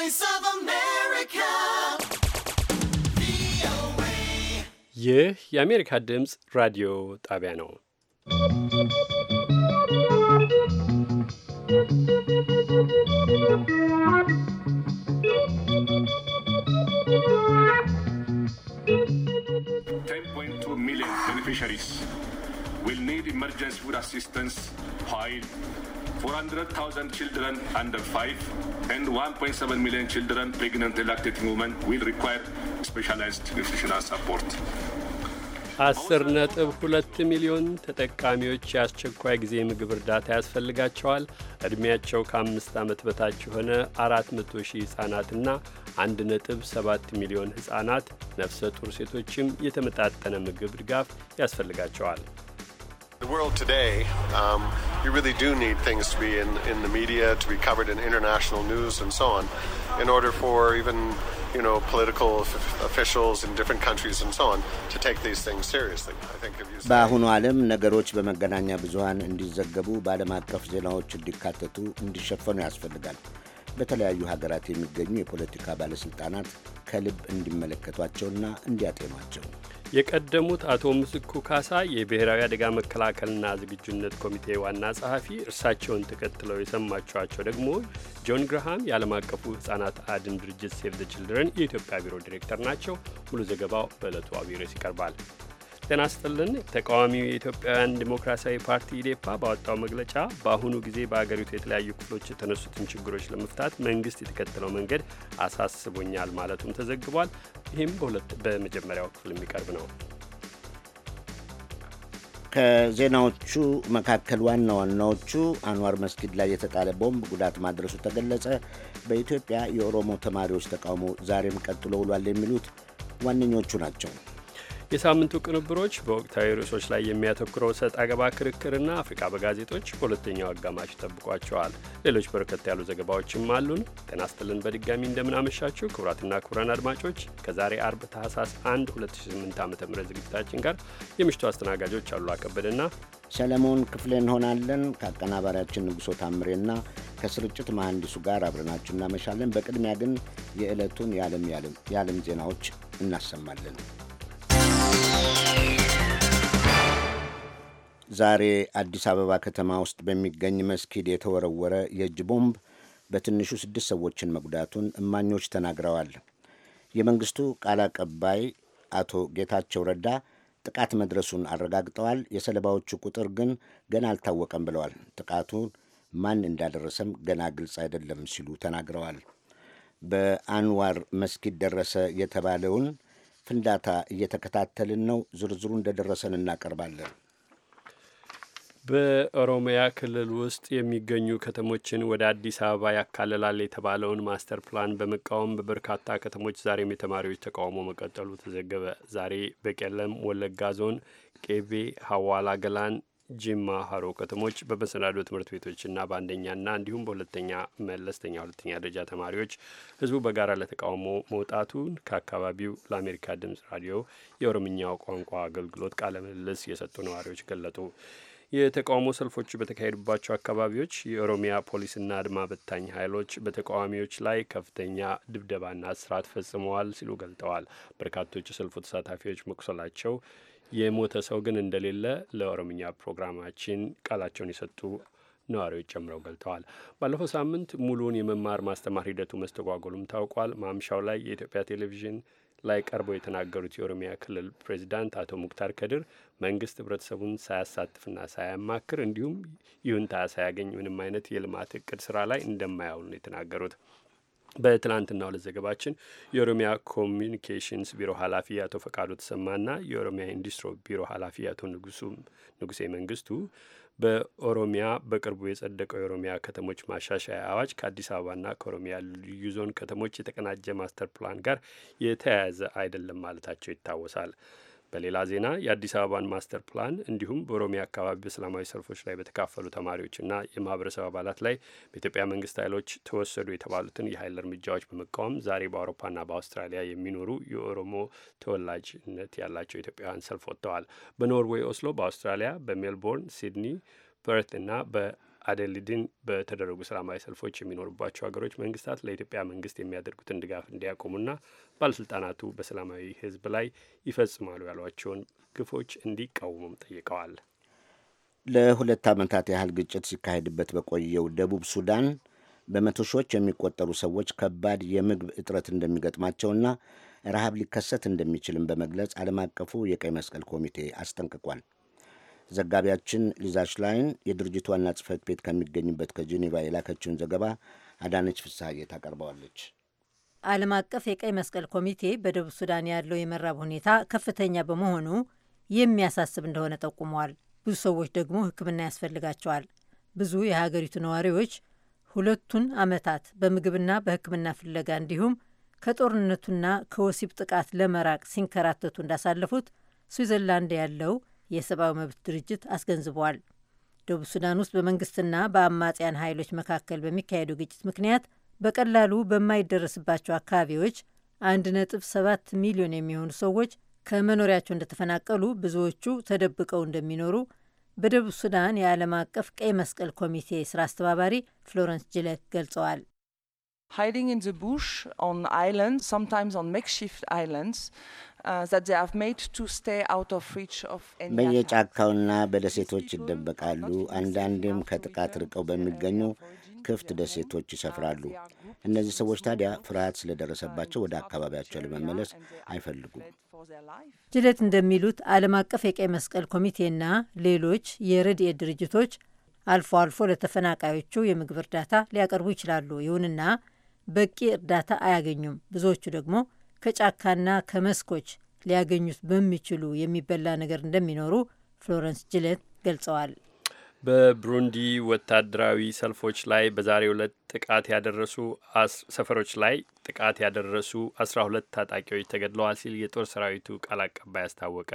Voice of America. ይህ የአሜሪካ ድምፅ ራዲዮ ጣቢያ ነው። ሚሊዮን ቤኔፊሻሪስ ዊል ኒድ ኢመርጀንሲ ፉድ አሲስተንስ ኃይል 400,000 children under 5 and 1.7 million children, pregnant and lactating women, will require specialized nutritional support. አስር ነጥብ ሁለት ሚሊዮን ተጠቃሚዎች የአስቸኳይ ጊዜ ምግብ እርዳታ ያስፈልጋቸዋል። ዕድሜያቸው ከአምስት ዓመት በታች የሆነ አራት መቶ ሺህ ሕፃናትና አንድ ነጥብ ሰባት ሚሊዮን ሕፃናት፣ ነፍሰ ጡር ሴቶችም የተመጣጠነ ምግብ ድጋፍ ያስፈልጋቸዋል። The world today, um, you really do need things to be in, in the media, to be covered in international news and so on, in order for even you know political officials in different countries and so on to take these things seriously. I think if you በአሁኑ ዓለም ነገሮች በመገናኛ ብዙሃን እንዲዘገቡ በዓለም አቀፍ ዜናዎች እንዲካተቱ እንዲሸፈኑ ያስፈልጋል። በተለያዩ ሀገራት የሚገኙ የፖለቲካ ባለሥልጣናት ከልብ እንዲመለከቷቸውና እንዲያጤኗቸው የቀደሙት አቶ ምስኩ ካሳ የብሔራዊ አደጋ መከላከልና ዝግጁነት ኮሚቴ ዋና ጸሐፊ፣ እርሳቸውን ተከትለው የሰማችኋቸው ደግሞ ጆን ግርሃም የዓለም አቀፉ ሕፃናት አድን ድርጅት ሴቭ ዘ ችልድረን የኢትዮጵያ ቢሮ ዲሬክተር ናቸው። ሙሉ ዘገባው በዕለቱ አብሮስ ይቀርባል። ጤና ስጥልን። ተቃዋሚው የኢትዮጵያውያን ዲሞክራሲያዊ ፓርቲ ኢዴፓ ባወጣው መግለጫ በአሁኑ ጊዜ በአገሪቱ የተለያዩ ክፍሎች የተነሱትን ችግሮች ለመፍታት መንግስት የተከተለው መንገድ አሳስቦኛል ማለቱም ተዘግቧል። ይህም በሁለት በመጀመሪያው ክፍል የሚቀርብ ነው። ከዜናዎቹ መካከል ዋና ዋናዎቹ አንዋር መስጊድ ላይ የተጣለ ቦምብ ጉዳት ማድረሱ ተገለጸ፣ በኢትዮጵያ የኦሮሞ ተማሪዎች ተቃውሞ ዛሬም ቀጥሎ ውሏል የሚሉት ዋነኞቹ ናቸው። የሳምንቱ ቅንብሮች በወቅታዊ ርዕሶች ላይ የሚያተኩረው ሰጥ አገባ ክርክርና አፍሪካ በጋዜጦች በሁለተኛው አጋማሽ ጠብቋቸዋል። ሌሎች በርከት ያሉ ዘገባዎችም አሉን። ጤና ይስጥልን በድጋሚ እንደምናመሻችሁ ክቡራትና ክቡራን አድማጮች ከዛሬ አርብ ታህሳስ 1 2008 ዓ ም ዝግጅታችን ጋር የምሽቱ አስተናጋጆች አሉላ ከበደና ሰለሞን ክፍሌ እንሆናለን ከአቀናባሪያችን ንጉሶ ታምሬና ከስርጭት መሐንዲሱ ጋር አብረናችሁ እናመሻለን። በቅድሚያ ግን የዕለቱን የዓለም ዜናዎች እናሰማለን። ዛሬ አዲስ አበባ ከተማ ውስጥ በሚገኝ መስጊድ የተወረወረ የእጅ ቦምብ በትንሹ ስድስት ሰዎችን መጉዳቱን እማኞች ተናግረዋል። የመንግስቱ ቃል አቀባይ አቶ ጌታቸው ረዳ ጥቃት መድረሱን አረጋግጠዋል። የሰለባዎቹ ቁጥር ግን ገና አልታወቀም ብለዋል። ጥቃቱን ማን እንዳደረሰም ገና ግልጽ አይደለም ሲሉ ተናግረዋል። በአንዋር መስጊድ ደረሰ የተባለውን ፍንዳታ እየተከታተልን ነው። ዝርዝሩ እንደደረሰን እናቀርባለን። በኦሮሚያ ክልል ውስጥ የሚገኙ ከተሞችን ወደ አዲስ አበባ ያካልላል የተባለውን ማስተር ፕላን በመቃወም በበርካታ ከተሞች ዛሬም የተማሪዎች ተቃውሞ መቀጠሉ ተዘገበ። ዛሬ በቄለም ወለጋ ዞን ቄቤ፣ ሀዋላ ገላን፣ ጅማ፣ ሀሮ ከተሞች በመሰናዶ ትምህርት ቤቶችና በአንደኛና እንዲሁም በሁለተኛ መለስተኛ ሁለተኛ ደረጃ ተማሪዎች ህዝቡ በጋራ ለተቃውሞ መውጣቱን ከአካባቢው ለአሜሪካ ድምጽ ራዲዮ የኦሮምኛው ቋንቋ አገልግሎት ቃለ ምልልስ የሰጡ ነዋሪዎች ገለጡ። የተቃውሞ ሰልፎቹ በተካሄዱባቸው አካባቢዎች የኦሮሚያ ፖሊስና አድማ በታኝ ኃይሎች በተቃዋሚዎች ላይ ከፍተኛ ድብደባና እስራት ፈጽመዋል ሲሉ ገልጠዋል። በርካቶች የሰልፉ ተሳታፊዎች መቁሰላቸው የሞተ ሰው ግን እንደሌለ ለኦሮምኛ ፕሮግራማችን ቃላቸውን የሰጡ ነዋሪዎች ጨምረው ገልጠዋል። ባለፈው ሳምንት ሙሉውን የመማር ማስተማር ሂደቱ መስተጓጎሉም ታውቋል። ማምሻው ላይ የኢትዮጵያ ቴሌቪዥን ላይ ቀርበው የተናገሩት የኦሮሚያ ክልል ፕሬዚዳንት አቶ ሙክታር ከድር መንግስት ህብረተሰቡን ሳያሳትፍና ሳያማክር እንዲሁም ይሁንታ ሳያገኝ ምንም አይነት የልማት እቅድ ስራ ላይ እንደማያውል ነው የተናገሩት። በትላንትና ሁለት ዘገባችን የኦሮሚያ ኮሚኒኬሽንስ ቢሮ ኃላፊ አቶ ፈቃዱ ተሰማና የኦሮሚያ ኢንዱስትሪ ቢሮ ኃላፊ አቶ ንጉሴ መንግስቱ በኦሮሚያ በቅርቡ የጸደቀው የኦሮሚያ ከተሞች ማሻሻያ አዋጅ ከአዲስ አበባና ከኦሮሚያ ልዩ ዞን ከተሞች የተቀናጀ ማስተር ፕላን ጋር የተያያዘ አይደለም ማለታቸው ይታወሳል። በሌላ ዜና የአዲስ አበባን ማስተር ፕላን እንዲሁም በኦሮሚያ አካባቢ በሰላማዊ ሰልፎች ላይ በተካፈሉ ተማሪዎችና የማህበረሰብ አባላት ላይ በኢትዮጵያ መንግስት ኃይሎች ተወሰዱ የተባሉትን የኃይል እርምጃዎች በመቃወም ዛሬ በአውሮፓና በአውስትራሊያ የሚኖሩ የኦሮሞ ተወላጅነት ያላቸው ኢትዮጵያውያን ሰልፍ ወጥተዋል። በኖርዌይ ኦስሎ፣ በአውስትራሊያ በሜልቦርን፣ ሲድኒ፣ ፐርት እና በ አደልድን በተደረጉ ሰላማዊ ሰልፎች የሚኖሩባቸው ሀገሮች መንግስታት ለኢትዮጵያ መንግስት የሚያደርጉትን ድጋፍ እንዲያቆሙና ባለስልጣናቱ በሰላማዊ ህዝብ ላይ ይፈጽማሉ ያሏቸውን ግፎች እንዲቃወሙም ጠይቀዋል። ለሁለት ዓመታት ያህል ግጭት ሲካሄድበት በቆየው ደቡብ ሱዳን በመቶ ሺዎች የሚቆጠሩ ሰዎች ከባድ የምግብ እጥረት እንደሚገጥማቸውና ረሃብ ሊከሰት እንደሚችልም በመግለጽ ዓለም አቀፉ የቀይ መስቀል ኮሚቴ አስጠንቅቋል። ዘጋቢያችን ሊዛ ሽላይን የድርጅቱ ዋና ጽህፈት ቤት ከሚገኝበት ከጄኔቫ የላከችውን ዘገባ አዳነች ፍስሐዬ ታቀርበዋለች። ዓለም አቀፍ የቀይ መስቀል ኮሚቴ በደቡብ ሱዳን ያለው የመራብ ሁኔታ ከፍተኛ በመሆኑ የሚያሳስብ እንደሆነ ጠቁመዋል። ብዙ ሰዎች ደግሞ ሕክምና ያስፈልጋቸዋል። ብዙ የሀገሪቱ ነዋሪዎች ሁለቱን ዓመታት በምግብና በሕክምና ፍለጋ እንዲሁም ከጦርነቱና ከወሲብ ጥቃት ለመራቅ ሲንከራተቱ እንዳሳለፉት ስዊዘርላንድ ያለው የሰብአዊ መብት ድርጅት አስገንዝበዋል። ደቡብ ሱዳን ውስጥ በመንግስትና በአማጽያን ኃይሎች መካከል በሚካሄደው ግጭት ምክንያት በቀላሉ በማይደረስባቸው አካባቢዎች 1.7 ሚሊዮን የሚሆኑ ሰዎች ከመኖሪያቸው እንደተፈናቀሉ፣ ብዙዎቹ ተደብቀው እንደሚኖሩ በደቡብ ሱዳን የዓለም አቀፍ ቀይ መስቀል ኮሚቴ ስራ አስተባባሪ ፍሎረንስ ጅለት ገልጸዋል። hiding in the bush on islands, sometimes on makeshift islands, በየጫካውና በደሴቶች ይደበቃሉ። አንዳንዴም ከጥቃት ርቀው በሚገኙ ክፍት ደሴቶች uh, ይሰፍራሉ። እነዚህ ሰዎች ታዲያ ፍርሃት ስለደረሰባቸው ወደ አካባቢያቸው ለመመለስ አይፈልጉም። ጅለት እንደሚሉት ዓለም አቀፍ የቀይ መስቀል ኮሚቴና ሌሎች የረድኤት ድርጅቶች አልፎ አልፎ ለተፈናቃዮቹ የምግብ እርዳታ ሊያቀርቡ ይችላሉ። ይሁንና በቂ እርዳታ አያገኙም። ብዙዎቹ ደግሞ ከጫካና ከመስኮች ሊያገኙት በሚችሉ የሚበላ ነገር እንደሚኖሩ ፍሎረንስ ጅለት ገልጸዋል። በብሩንዲ ወታደራዊ ሰልፎች ላይ በዛሬው ዕለት ጥቃት ያደረሱ ሰፈሮች ላይ ጥቃት ያደረሱ አስራ ሁለት ታጣቂዎች ተገድለዋል ሲል የጦር ሰራዊቱ ቃል አቀባይ አስታወቀ።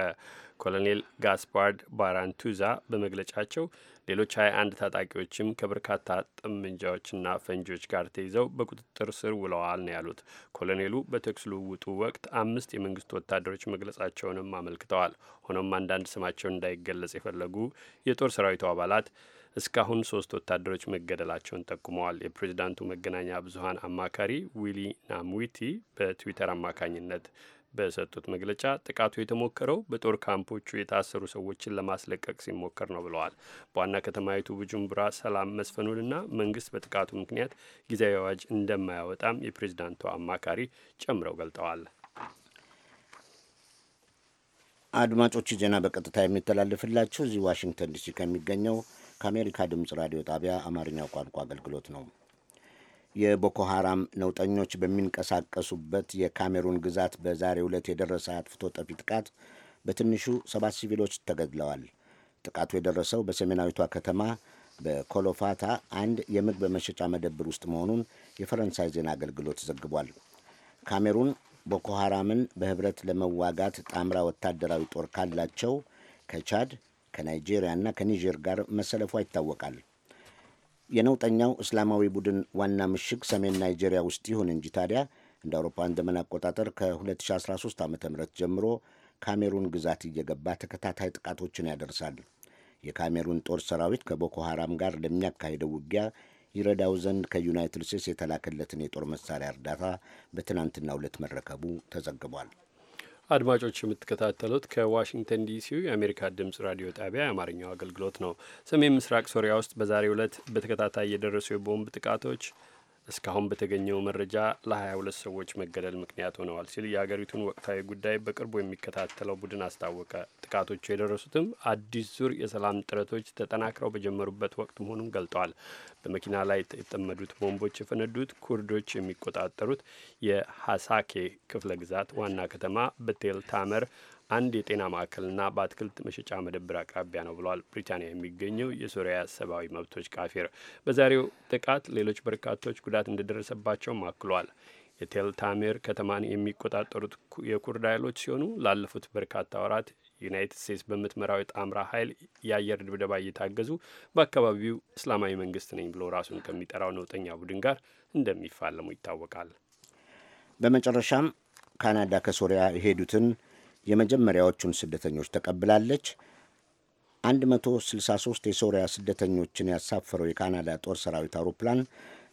ኮሎኔል ጋስፓርድ ባራንቱዛ በመግለጫቸው ሌሎች 21 ታጣቂዎችም ከበርካታ ጠመንጃዎችና ፈንጂዎች ጋር ተይዘው በቁጥጥር ስር ውለዋል ነው ያሉት። ኮሎኔሉ በተኩስ ልውውጡ ወቅት አምስት የመንግስት ወታደሮች መግለጻቸውንም አመልክተዋል። ሆኖም አንዳንድ ስማቸውን እንዳይገለጽ የፈለጉ የጦር ሰራዊቱ አባላት እስካሁን ሶስት ወታደሮች መገደላቸውን ጠቁመዋል። የፕሬዚዳንቱ መገናኛ ብዙኃን አማካሪ ዊሊ ናሙዊቲ በትዊተር አማካኝነት በሰጡት መግለጫ ጥቃቱ የተሞከረው በጦር ካምፖቹ የታሰሩ ሰዎችን ለማስለቀቅ ሲሞከር ነው ብለዋል። በዋና ከተማይቱ ቡጁምቡራ ሰላም መስፈኑንና መንግስት በጥቃቱ ምክንያት ጊዜያዊ አዋጅ እንደማያወጣም የፕሬዚዳንቱ አማካሪ ጨምረው ገልጠዋል። አድማጮች ዜና በቀጥታ የሚተላለፍላችሁ እዚህ ዋሽንግተን ዲሲ ከሚገኘው ከአሜሪካ ድምፅ ራዲዮ ጣቢያ አማርኛው ቋንቋ አገልግሎት ነው። የቦኮ ሐራም ነውጠኞች በሚንቀሳቀሱበት የካሜሩን ግዛት በዛሬ ዕለት የደረሰ አጥፍቶ ጠፊ ጥቃት በትንሹ ሰባት ሲቪሎች ተገድለዋል። ጥቃቱ የደረሰው በሰሜናዊቷ ከተማ በኮሎፋታ አንድ የምግብ መሸጫ መደብር ውስጥ መሆኑን የፈረንሳይ ዜና አገልግሎት ዘግቧል። ካሜሩን ቦኮ ሐራምን በህብረት ለመዋጋት ጣምራ ወታደራዊ ጦር ካላቸው ከቻድ ከናይጄሪያና ከኒጀር ጋር መሰለፏ ይታወቃል። የነውጠኛው እስላማዊ ቡድን ዋና ምሽግ ሰሜን ናይጄሪያ ውስጥ ይሁን እንጂ ታዲያ እንደ አውሮፓውያን ዘመን አቆጣጠር ከ2013 ዓ ም ጀምሮ ካሜሩን ግዛት እየገባ ተከታታይ ጥቃቶችን ያደርሳል። የካሜሩን ጦር ሰራዊት ከቦኮ ሐራም ጋር ለሚያካሄደው ውጊያ ይረዳው ዘንድ ከዩናይትድ ስቴትስ የተላከለትን የጦር መሳሪያ እርዳታ በትናንትናው ዕለት መረከቡ ተዘግቧል። አድማጮች የምትከታተሉት ከዋሽንግተን ዲሲው የአሜሪካ ድምጽ ራዲዮ ጣቢያ የአማርኛው አገልግሎት ነው። ሰሜን ምስራቅ ሶሪያ ውስጥ በዛሬው ዕለት በተከታታይ የደረሱ የቦምብ ጥቃቶች እስካሁን በተገኘው መረጃ ለ22 ሰዎች መገደል ምክንያት ሆነዋል ሲል የአገሪቱን ወቅታዊ ጉዳይ በቅርቡ የሚከታተለው ቡድን አስታወቀ። ጥቃቶቹ የደረሱትም አዲስ ዙር የሰላም ጥረቶች ተጠናክረው በጀመሩበት ወቅት መሆኑን ገልጠዋል። በመኪና ላይ የተጠመዱት ቦምቦች የፈነዱት ኩርዶች የሚቆጣጠሩት የሐሳኬ ክፍለ ግዛት ዋና ከተማ በቴል ታመር አንድ የጤና ማዕከልና በአትክልት መሸጫ መደብር አቅራቢያ ነው ብሏል ብሪታንያ የሚገኘው የሶሪያ ሰብአዊ መብቶች ካፊር። በዛሬው ጥቃት ሌሎች በርካቶች ጉዳት እንደደረሰባቸውም አክሏል። የቴልታሜር ከተማን የሚቆጣጠሩት የኩርድ ኃይሎች ሲሆኑ ላለፉት በርካታ ወራት ዩናይትድ ስቴትስ በምትመራው የጣምራ ኃይል የአየር ድብደባ እየታገዙ በአካባቢው እስላማዊ መንግስት ነኝ ብሎ ራሱን ከሚጠራው ነውጠኛ ቡድን ጋር እንደሚፋለሙ ይታወቃል። በመጨረሻም ካናዳ ከሶሪያ የሄዱትን የመጀመሪያዎቹን ስደተኞች ተቀብላለች። 163 የሶሪያ ስደተኞችን ያሳፈረው የካናዳ ጦር ሰራዊት አውሮፕላን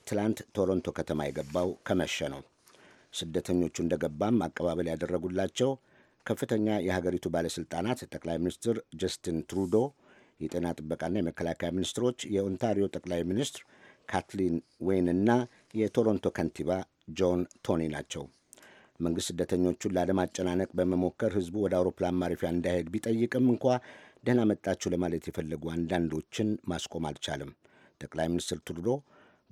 ትላንት ቶሮንቶ ከተማ የገባው ከመሸ ነው። ስደተኞቹ እንደገባም አቀባበል ያደረጉላቸው ከፍተኛ የሀገሪቱ ባለሥልጣናት ጠቅላይ ሚኒስትር ጀስቲን ትሩዶ፣ የጤና ጥበቃና የመከላከያ ሚኒስትሮች፣ የኦንታሪዮ ጠቅላይ ሚኒስትር ካትሊን ዌይን እና የቶሮንቶ ከንቲባ ጆን ቶኒ ናቸው። መንግሥት ስደተኞቹን ላለማጨናነቅ በመሞከር ሕዝቡ ወደ አውሮፕላን ማረፊያ እንዳይሄድ ቢጠይቅም እንኳ ደህና መጣችሁ ለማለት የፈለጉ አንዳንዶችን ማስቆም አልቻለም። ጠቅላይ ሚኒስትር ትሩዶ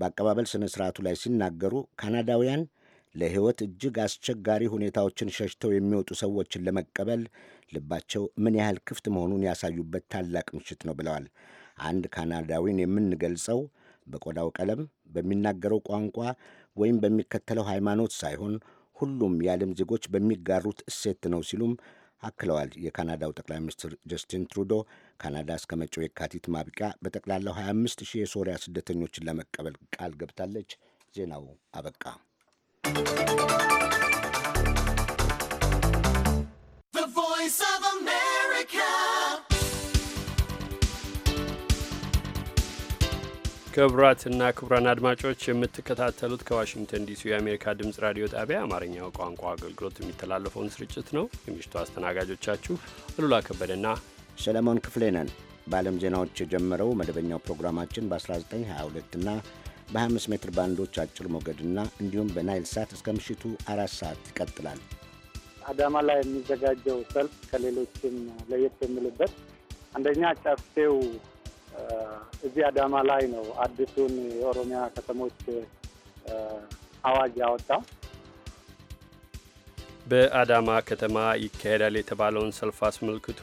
በአቀባበል ሥነ ሥርዓቱ ላይ ሲናገሩ ካናዳውያን ለሕይወት እጅግ አስቸጋሪ ሁኔታዎችን ሸሽተው የሚወጡ ሰዎችን ለመቀበል ልባቸው ምን ያህል ክፍት መሆኑን ያሳዩበት ታላቅ ምሽት ነው ብለዋል። አንድ ካናዳዊን የምንገልጸው በቆዳው ቀለም፣ በሚናገረው ቋንቋ ወይም በሚከተለው ሃይማኖት ሳይሆን ሁሉም የዓለም ዜጎች በሚጋሩት እሴት ነው ሲሉም አክለዋል። የካናዳው ጠቅላይ ሚኒስትር ጀስቲን ትሩዶ ካናዳ እስከ መጪው የካቲት ማብቂያ በጠቅላላው 25 ሺህ የሶሪያ ስደተኞችን ለመቀበል ቃል ገብታለች። ዜናው አበቃ። ክቡራትና ክቡራን አድማጮች የምትከታተሉት ከዋሽንግተን ዲሲ የአሜሪካ ድምጽ ራዲዮ ጣቢያ አማርኛው ቋንቋ አገልግሎት የሚተላለፈውን ስርጭት ነው። የምሽቱ አስተናጋጆቻችሁ አሉላ ከበደና ሰለሞን ክፍሌ ነን። በዓለም ዜናዎች የጀመረው መደበኛው ፕሮግራማችን በ1922 እና በ25 ሜትር ባንዶች አጭር ሞገድና እንዲሁም በናይል ሳት እስከ ምሽቱ አራት ሰዓት ይቀጥላል። አዳማ ላይ የሚዘጋጀው ሰልፍ ከሌሎችም ለየት የሚልበት አንደኛ ጫፍቴው እዚህ አዳማ ላይ ነው አዲሱን የኦሮሚያ ከተሞች አዋጅ ያወጣው። በአዳማ ከተማ ይካሄዳል የተባለውን ሰልፍ አስመልክቶ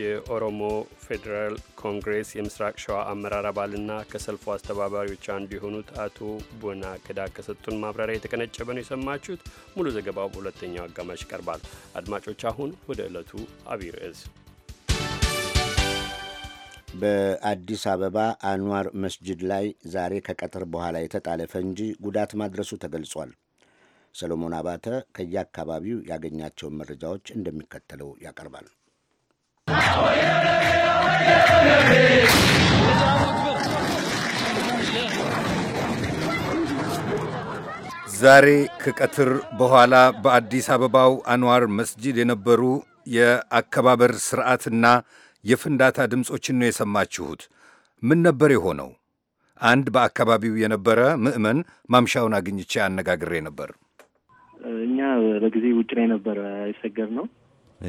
የኦሮሞ ፌዴራል ኮንግሬስ የምስራቅ ሸዋ አመራር አባልና ከሰልፉ አስተባባሪዎች አንዱ የሆኑት አቶ ቦና ክዳ ከሰጡን ማብራሪያ የተቀነጨበ ነው የሰማችሁት። ሙሉ ዘገባው በሁለተኛው አጋማሽ ይቀርባል። አድማጮች፣ አሁን ወደ ዕለቱ አብይ ርዕስ በአዲስ አበባ አንዋር መስጅድ ላይ ዛሬ ከቀትር በኋላ የተጣለ ፈንጂ ጉዳት ማድረሱ ተገልጿል። ሰሎሞን አባተ ከየአካባቢው ያገኛቸውን መረጃዎች እንደሚከተለው ያቀርባል። ዛሬ ከቀትር በኋላ በአዲስ አበባው አንዋር መስጂድ የነበሩ የአከባበር ስርዓትና የፍንዳታ ድምፆችን ነው የሰማችሁት። ምን ነበር የሆነው? አንድ በአካባቢው የነበረ ምዕመን ማምሻውን አግኝቼ አነጋግሬ ነበር። እኛ በጊዜ ውጭ ላይ ነበር ነው።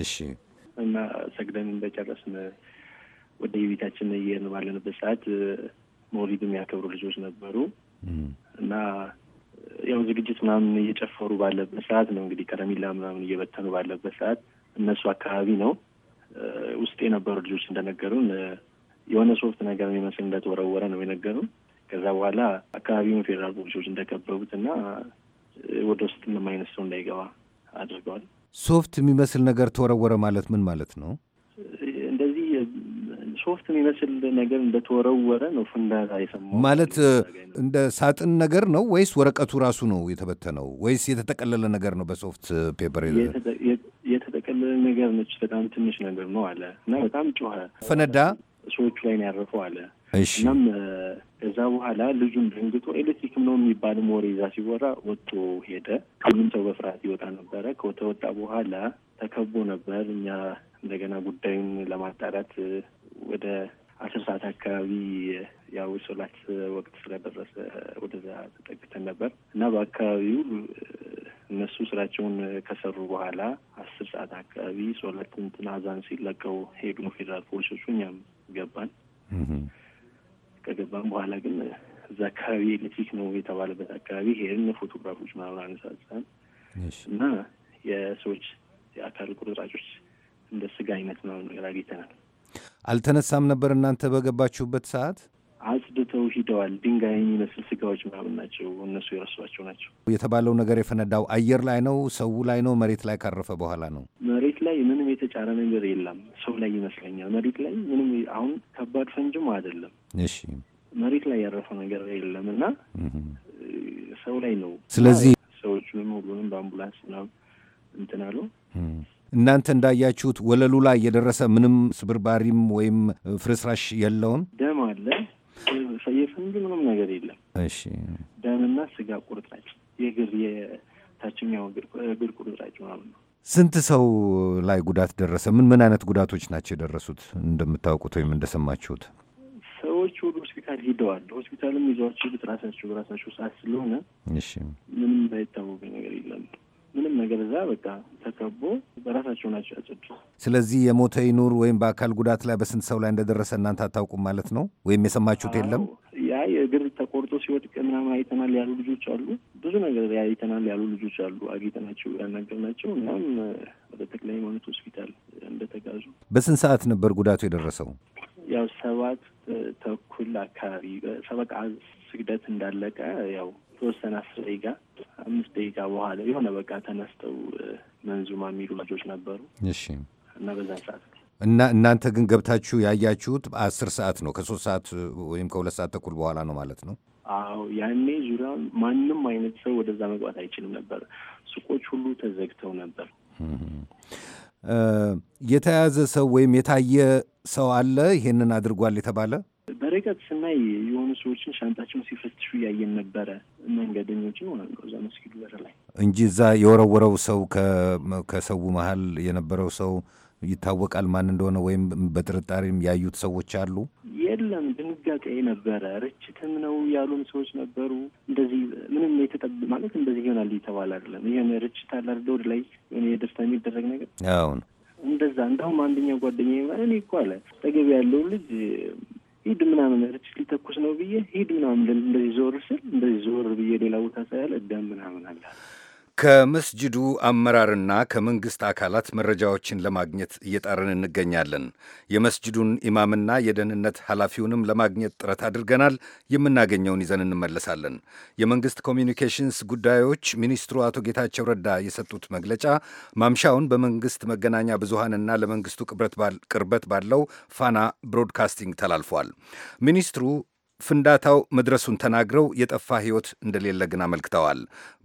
እሺ። እና ሰግደን እንደጨረስን ወደ የቤታችን እየሄድን ባለንበት ሰዓት መውሊድ የሚያከብሩ ልጆች ነበሩ እና ያው ዝግጅት ምናምን እየጨፈሩ ባለበት ሰዓት ነው እንግዲህ ከረሜላ ምናምን እየበተኑ ባለበት ሰዓት እነሱ አካባቢ ነው ውስጥ የነበሩ ልጆች እንደነገሩን የሆነ ሶፍት ነገር የሚመስል እንደተወረወረ ነው የነገሩን። ከዛ በኋላ አካባቢውን ፌዴራል ፖሊሶች እንደከበቡት እና ወደ ውስጥ ምንም አይነት ሰው እንዳይገባ አድርገዋል። ሶፍት የሚመስል ነገር ተወረወረ ማለት ምን ማለት ነው? እንደዚህ ሶፍት የሚመስል ነገር እንደተወረወረ ነው ፍንዳታ የሰማሁት። ማለት እንደ ሳጥን ነገር ነው ወይስ ወረቀቱ ራሱ ነው የተበተነው? ወይስ የተጠቀለለ ነገር ነው በሶፍት ፔፐር ነገር ነች፣ በጣም ትንሽ ነገር ነው አለ እና በጣም ጮኸ፣ ፈነዳ፣ ሰዎቹ ላይ ነው ያረፈው አለ። እናም ከዛ በኋላ ልጁም ደንግጦ ኤሌክትሪክም ነው የሚባል ወሬ ይዛ ሲወራ ወጥቶ ሄደ። ሁሉም ሰው በፍርሃት ይወጣ ነበረ። ከተወጣ በኋላ ተከቦ ነበር። እኛ እንደገና ጉዳዩን ለማጣራት ወደ አስር ሰዓት አካባቢ ያው ሶላት ወቅት ስለደረሰ ወደዛ ተጠግተን ነበር እና በአካባቢው እነሱ ስራቸውን ከሰሩ በኋላ አስር ሰዓት አካባቢ ሶላት እንትን አዛን ሲለቀው ሄዱ ፌዴራል ፖሊሶቹ። እኛም ገባን። ከገባን በኋላ ግን እዛ አካባቢ ኤሌክትሪክ ነው የተባለበት አካባቢ ሄድን። ፎቶግራፎች ምናምን አነሳሳን እና የሰዎች የአካል ቁርጥራጮች እንደ ስጋ አይነት ምናምን ነገር አግኝተናል። አልተነሳም ነበር እናንተ በገባችሁበት ሰዓት አጽድተው ሂደዋል። ድንጋይ የሚመስል ስጋዎች ምናምን ናቸው፣ እነሱ የረሷቸው ናቸው። የተባለው ነገር የፈነዳው አየር ላይ ነው፣ ሰው ላይ ነው፣ መሬት ላይ ካረፈ በኋላ ነው። መሬት ላይ ምንም የተጫረ ነገር የለም፣ ሰው ላይ ይመስለኛል። መሬት ላይ ምንም አሁን ከባድ ፈንጅም አይደለም። እሺ፣ መሬት ላይ ያረፈ ነገር የለም እና ሰው ላይ ነው። ስለዚህ ሰዎቹንም ሁሉንም በአምቡላንስ ምናምን እንትን አሉ። እናንተ እንዳያችሁት ወለሉ ላይ የደረሰ ምንም ስብርባሪም ወይም ፍርስራሽ የለውም። ደም አለ የፈንጂ ምንም ነገር የለም። እሺ ደምና ስጋ ቁርጥራጭ፣ የእግር የታችኛው እግር ቁርጥራጭ ማለት ነው። ስንት ሰው ላይ ጉዳት ደረሰ? ምን ምን አይነት ጉዳቶች ናቸው የደረሱት? እንደምታውቁት ወይም እንደሰማችሁት ሰዎች ወደ ሆስፒታል ሂደዋል። ሆስፒታልም ይዘዋቸው ራሳቸው በራሳቸው ሰዓት ስለሆነ ምንም ባይታወቅ ነገር የለም። ምንም ነገር እዛ በቃ ተከቦ በራሳቸው ናቸው ያጸዱ። ስለዚህ የሞተ ይኑር ወይም በአካል ጉዳት ላይ በስንት ሰው ላይ እንደደረሰ እናንተ አታውቁም ማለት ነው? ወይም የሰማችሁት የለም? ያ እግር ተቆርጦ ሲወድቅ ምናምን አይተናል ያሉ ልጆች አሉ። ብዙ ነገር አይተናል ያሉ ልጆች አሉ። አግኝተናቸው ያናገርናቸው እናም ወደ ተክለ ሃይማኖት ሆስፒታል እንደተጋዙ። በስንት ሰዓት ነበር ጉዳቱ የደረሰው? ያው ሰባት ተኩል አካባቢ ሰበቃ ስግደት እንዳለቀ ያው የተወሰነ አስር ደቂቃ አምስት ደቂቃ በኋላ የሆነ በቃ ተነስተው መንዙማ የሚሉ ልጆች ነበሩ። እሺ። እና በዛ ሰዓት እና እናንተ ግን ገብታችሁ ያያችሁት አስር ሰዓት ነው ከሶስት ሰዓት ወይም ከሁለት ሰዓት ተኩል በኋላ ነው ማለት ነው? አዎ። ያኔ ዙሪያ ማንም አይነት ሰው ወደዛ መግባት አይችልም ነበር። ሱቆች ሁሉ ተዘግተው ነበር። የተያዘ ሰው ወይም የታየ ሰው አለ ይሄንን አድርጓል የተባለ በርቀት ስናይ የሆኑ ሰዎችን ሻንጣቸውን ሲፈትሹ እያየን ነበረ። መንገደኞችን ሆነ እዛ መስጊዱ በር ላይ እንጂ እዛ የወረወረው ሰው ከሰው መሀል የነበረው ሰው ይታወቃል ማን እንደሆነ ወይም በጥርጣሬም ያዩት ሰዎች አሉ? የለም። ድንጋጤ ነበረ። ርችትም ነው ያሉም ሰዎች ነበሩ። እንደዚህ ምንም የተጠብ ማለት እንደዚህ ይሆናል የተባለ አይደለም። ይህን ርችት አለ ወደ ላይ የደስታ የሚደረግ ነገር አሁን እንደዛ። እንደውም አንደኛው ጓደኛ እኔ እኮ አለ ጠገብ ያለው ልጅ ሂድ ምናምን እርች ሊተኩስ ነው ብዬ ሂድ ምናምን እንደዚህ ዞር ስል እንደዚህ ዞር ብዬ ሌላ ቦታ ሳያል ደም ምናምን አለ ከመስጅዱ አመራርና ከመንግሥት አካላት መረጃዎችን ለማግኘት እየጣርን እንገኛለን። የመስጅዱን ኢማምና የደህንነት ኃላፊውንም ለማግኘት ጥረት አድርገናል። የምናገኘውን ይዘን እንመለሳለን። የመንግሥት ኮሚኒኬሽንስ ጉዳዮች ሚኒስትሩ አቶ ጌታቸው ረዳ የሰጡት መግለጫ ማምሻውን በመንግሥት መገናኛ ብዙሃንና ለመንግሥቱ ቅርበት ባለው ፋና ብሮድካስቲንግ ተላልፏል። ሚኒስትሩ ፍንዳታው መድረሱን ተናግረው የጠፋ ሕይወት እንደሌለ ግን አመልክተዋል።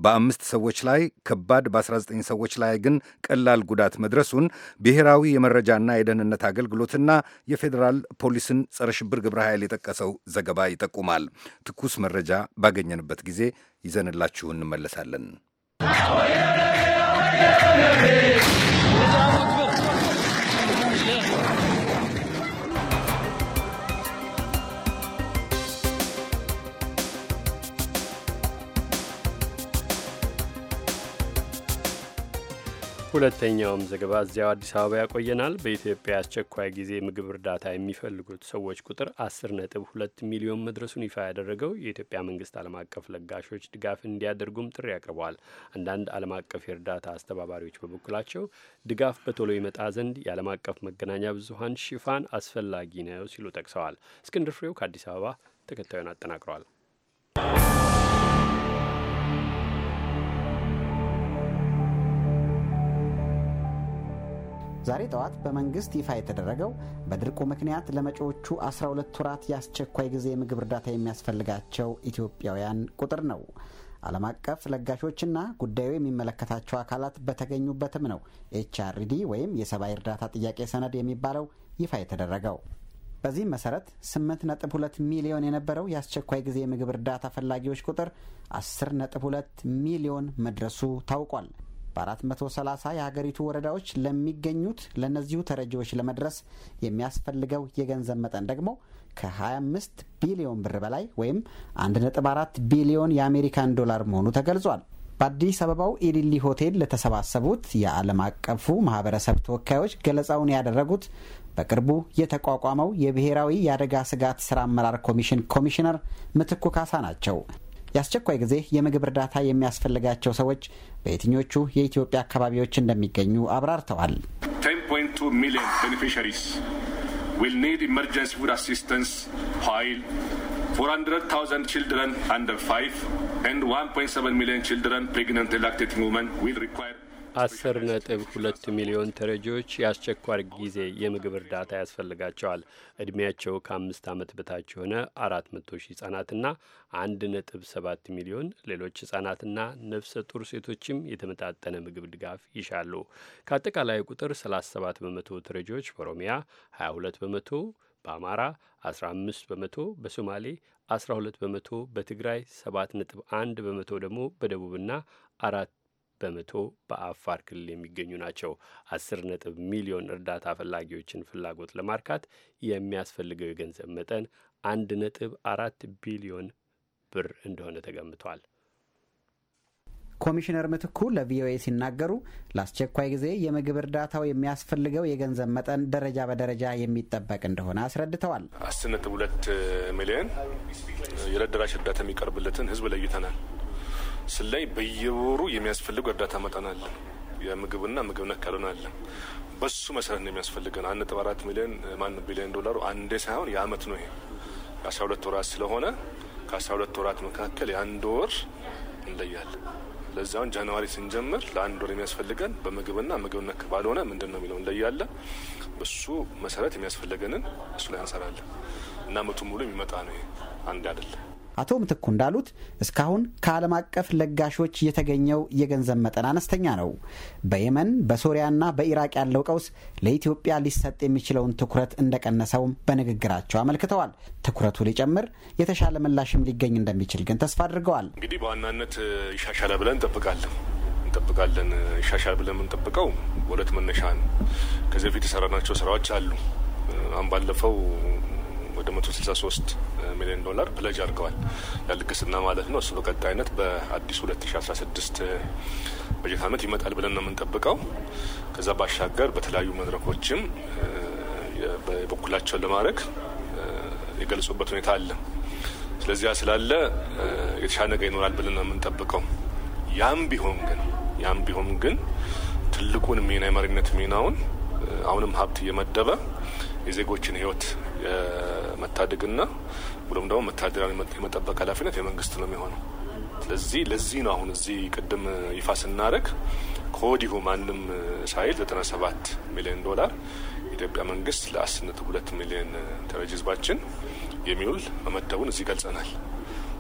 በአምስት ሰዎች ላይ ከባድ፣ በ19 ሰዎች ላይ ግን ቀላል ጉዳት መድረሱን ብሔራዊ የመረጃና የደህንነት አገልግሎትና የፌዴራል ፖሊስን ጸረ ሽብር ግብረ ኃይል የጠቀሰው ዘገባ ይጠቁማል። ትኩስ መረጃ ባገኘንበት ጊዜ ይዘንላችሁ እንመለሳለን። ሁለተኛውም ዘገባ እዚያው አዲስ አበባ ያቆየናል። በኢትዮጵያ አስቸኳይ ጊዜ ምግብ እርዳታ የሚፈልጉት ሰዎች ቁጥር አስር ነጥብ ሁለት ሚሊዮን መድረሱን ይፋ ያደረገው የኢትዮጵያ መንግስት ዓለም አቀፍ ለጋሾች ድጋፍ እንዲያደርጉም ጥሪ አቅርበዋል። አንዳንድ ዓለም አቀፍ የእርዳታ አስተባባሪዎች በበኩላቸው ድጋፍ በቶሎ ይመጣ ዘንድ የዓለም አቀፍ መገናኛ ብዙሀን ሽፋን አስፈላጊ ነው ሲሉ ጠቅሰዋል። እስክንድር ፍሬው ከአዲስ አበባ ተከታዩን አጠናቅረዋል። ዛሬ ጠዋት በመንግስት ይፋ የተደረገው በድርቁ ምክንያት ለመጪዎቹ 12 ወራት የአስቸኳይ ጊዜ የምግብ እርዳታ የሚያስፈልጋቸው ኢትዮጵያውያን ቁጥር ነው። ዓለም አቀፍ ለጋሾችና ጉዳዩ የሚመለከታቸው አካላት በተገኙበትም ነው ኤችአርዲ ወይም የሰብአዊ እርዳታ ጥያቄ ሰነድ የሚባለው ይፋ የተደረገው። በዚህም መሰረት 8.2 ሚሊዮን የነበረው የአስቸኳይ ጊዜ የምግብ እርዳታ ፈላጊዎች ቁጥር 10.2 ሚሊዮን መድረሱ ታውቋል። በ430 የሀገሪቱ ወረዳዎች ለሚገኙት ለእነዚሁ ተረጂዎች ለመድረስ የሚያስፈልገው የገንዘብ መጠን ደግሞ ከ25 ቢሊዮን ብር በላይ ወይም 1.4 ቢሊዮን የአሜሪካን ዶላር መሆኑ ተገልጿል። በአዲስ አበባው ኢሊሊ ሆቴል ለተሰባሰቡት የዓለም አቀፉ ማህበረሰብ ተወካዮች ገለጻውን ያደረጉት በቅርቡ የተቋቋመው የብሔራዊ የአደጋ ስጋት ስራ አመራር ኮሚሽን ኮሚሽነር ምትኩ ካሳ ናቸው። የአስቸኳይ ጊዜ የምግብ እርዳታ የሚያስፈልጋቸው ሰዎች በየትኞቹ የኢትዮጵያ አካባቢዎች እንደሚገኙ አብራርተዋል። ሚሊዮን አስር ነጥብ ሁለት ሚሊዮን ተረጂዎች የአስቸኳር ጊዜ የምግብ እርዳታ ያስፈልጋቸዋል። እድሜያቸው ከአምስት ዓመት በታች የሆነ አራት መቶ ሺህ ህጻናትና አንድ ነጥብ ሰባት ሚሊዮን ሌሎች ህጻናትና ነፍሰ ጡር ሴቶችም የተመጣጠነ ምግብ ድጋፍ ይሻሉ። ከአጠቃላይ ቁጥር 37 በመቶ ተረጂዎች በኦሮሚያ፣ 22 በመቶ በአማራ 15 በመቶ በሶማሌ 12 በመቶ በትግራይ 7 1 በመቶ ደግሞ በደቡብና አራት በመቶ በአፋር ክልል የሚገኙ ናቸው። አስር ነጥብ ሚሊዮን እርዳታ ፈላጊዎችን ፍላጎት ለማርካት የሚያስፈልገው የገንዘብ መጠን አንድ ነጥብ አራት ቢሊዮን ብር እንደሆነ ተገምቷል። ኮሚሽነር ምትኩ ለቪኦኤ ሲናገሩ ለአስቸኳይ ጊዜ የምግብ እርዳታው የሚያስፈልገው የገንዘብ መጠን ደረጃ በደረጃ የሚጠበቅ እንደሆነ አስረድተዋል። አስር ነጥብ ሁለት ሚሊዮን የለደራሽ እርዳታ የሚቀርብለትን ህዝብ ለይተናል። ላይ በየወሩ የሚያስፈልጉ እርዳታ መጠን አለ። የምግብና ምግብ ነክ ያልሆነ አለ። በሱ መሰረት ነው የሚያስፈልገን። አንድ ነጥብ አራት ሚሊዮን ማን ቢሊዮን ዶላሩ አንዴ ሳይሆን የአመት ነው። ይሄ የአስራ ሁለት ወራት ስለሆነ ከአስራ ሁለት ወራት መካከል የአንድ ወር እንለያለን። ለዛውን ጃንዋሪ ስንጀምር ለአንድ ወር የሚያስፈልገን በምግብና ምግብ ነክ ባልሆነ ምንድን ነው የሚለው እንለያለን። በሱ መሰረት የሚያስፈልገንን እሱ ላይ እንሰራለን እና አመቱን ሙሉ የሚመጣ ነው። ይሄ አንድ አይደለም። አቶ ምትኩ እንዳሉት እስካሁን ከዓለም አቀፍ ለጋሾች የተገኘው የገንዘብ መጠን አነስተኛ ነው። በየመን በሶሪያና በኢራቅ ያለው ቀውስ ለኢትዮጵያ ሊሰጥ የሚችለውን ትኩረት እንደቀነሰውም በንግግራቸው አመልክተዋል። ትኩረቱ ሊጨምር የተሻለ ምላሽም ሊገኝ እንደሚችል ግን ተስፋ አድርገዋል። እንግዲህ በዋናነት ይሻሻለ ብለን እንጠብቃለን እንጠብቃለን ይሻሻል ብለን የምንጠብቀው ሁለት መነሻ ነው። ከዚህ በፊት የሰራናቸው ስራዎች አሉ። አሁን ባለፈው ወደ 163 ሚሊዮን ዶላር ፕለጅ አድርገዋል ያልክስና ማለት ነው። እሱ በቀጣይነት በአዲሱ 2016 በጀት ዓመት ይመጣል ብለን ነው የምንጠብቀው። ከዛ ባሻገር በተለያዩ መድረኮችም በበኩላቸውን ለማድረግ የገለጹበት ሁኔታ አለ። ስለዚያ ስላለ የተሻለ ነገር ይኖራል ብለን ነው የምንጠብቀው። ያም ቢሆን ግን ያም ቢሆን ግን ትልቁን ሚና የመሪነት ሚናውን አሁንም ሀብት እየመደበ የዜጎችን ህይወት መታደግና ብሎም ደግሞ መተዳደሪያን የመጠበቅ ኃላፊነት የመንግስት ነው የሚሆነው። ስለዚህ ለዚህ ነው አሁን እዚህ ቅድም ይፋ ስናደርግ ከወዲሁ ማንም ሳይል ዘጠና ሰባት ሚሊዮን ዶላር የኢትዮጵያ መንግስት ለአስር ነጥብ ሁለት ሚሊዮን ተረጂ ህዝባችን የሚውል መመደቡን እዚህ ገልጸናል።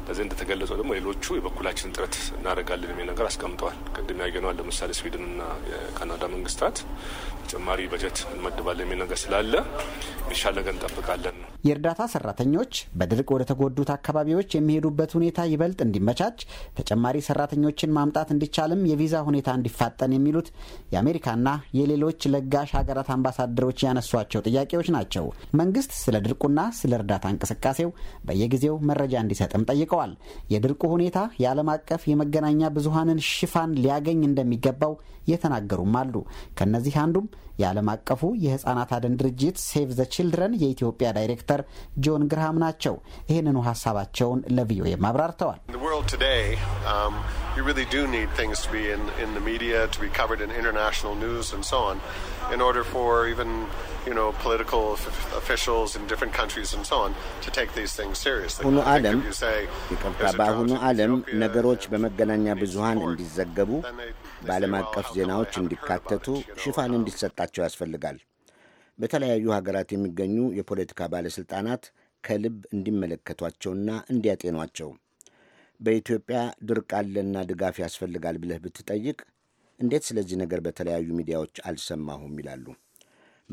ለዚህ እንደተገለጸው ደግሞ ሌሎቹ የበኩላችን ጥረት እናደርጋለን የሚል ነገር አስቀምጠዋል። ቅድም ያገነዋል ለምሳሌ ስዊድንና የካናዳ መንግስታት ተጨማሪ በጀት እንመድባለን የሚል ነገር ስላለ ይሻል እንጠብቃለን ነው። የእርዳታ ሰራተኞች በድርቅ ወደ ተጎዱት አካባቢዎች የሚሄዱበት ሁኔታ ይበልጥ እንዲመቻች ተጨማሪ ሰራተኞችን ማምጣት እንዲቻልም የቪዛ ሁኔታ እንዲፋጠን የሚሉት የአሜሪካና የሌሎች ለጋሽ ሀገራት አምባሳደሮች ያነሷቸው ጥያቄዎች ናቸው። መንግስት ስለ ድርቁና ስለ እርዳታ እንቅስቃሴው በየጊዜው መረጃ እንዲሰጥም ጠይቀዋል። የድርቁ ሁኔታ የዓለም አቀፍ የመገናኛ ብዙሀንን ሽፋን ሊያገኝ እንደሚገባው የተናገሩም አሉ። ከነዚህ አንዱም የዓለም አቀፉ የህፃናት አደን ድርጅት ሴቭ ዘ ችልድረን የኢትዮጵያ ዳይሬክተር ጆን ግርሃም ናቸው። ይህንኑ ሀሳባቸውን ለቪኦኤም አብራርተዋል። ሁኑ ዓለም ይቅርታ፣ በአሁኑ ዓለም ነገሮች በመገናኛ ብዙሃን እንዲዘገቡ በዓለም አቀፍ ዜናዎች እንዲካተቱ ሽፋን እንዲሰጣቸው ያስፈልጋል። በተለያዩ ሀገራት የሚገኙ የፖለቲካ ባለሥልጣናት ከልብ እንዲመለከቷቸውና እንዲያጤኗቸው። በኢትዮጵያ ድርቅ አለና ድጋፍ ያስፈልጋል ብለህ ብትጠይቅ እንዴት ስለዚህ ነገር በተለያዩ ሚዲያዎች አልሰማሁም ይላሉ።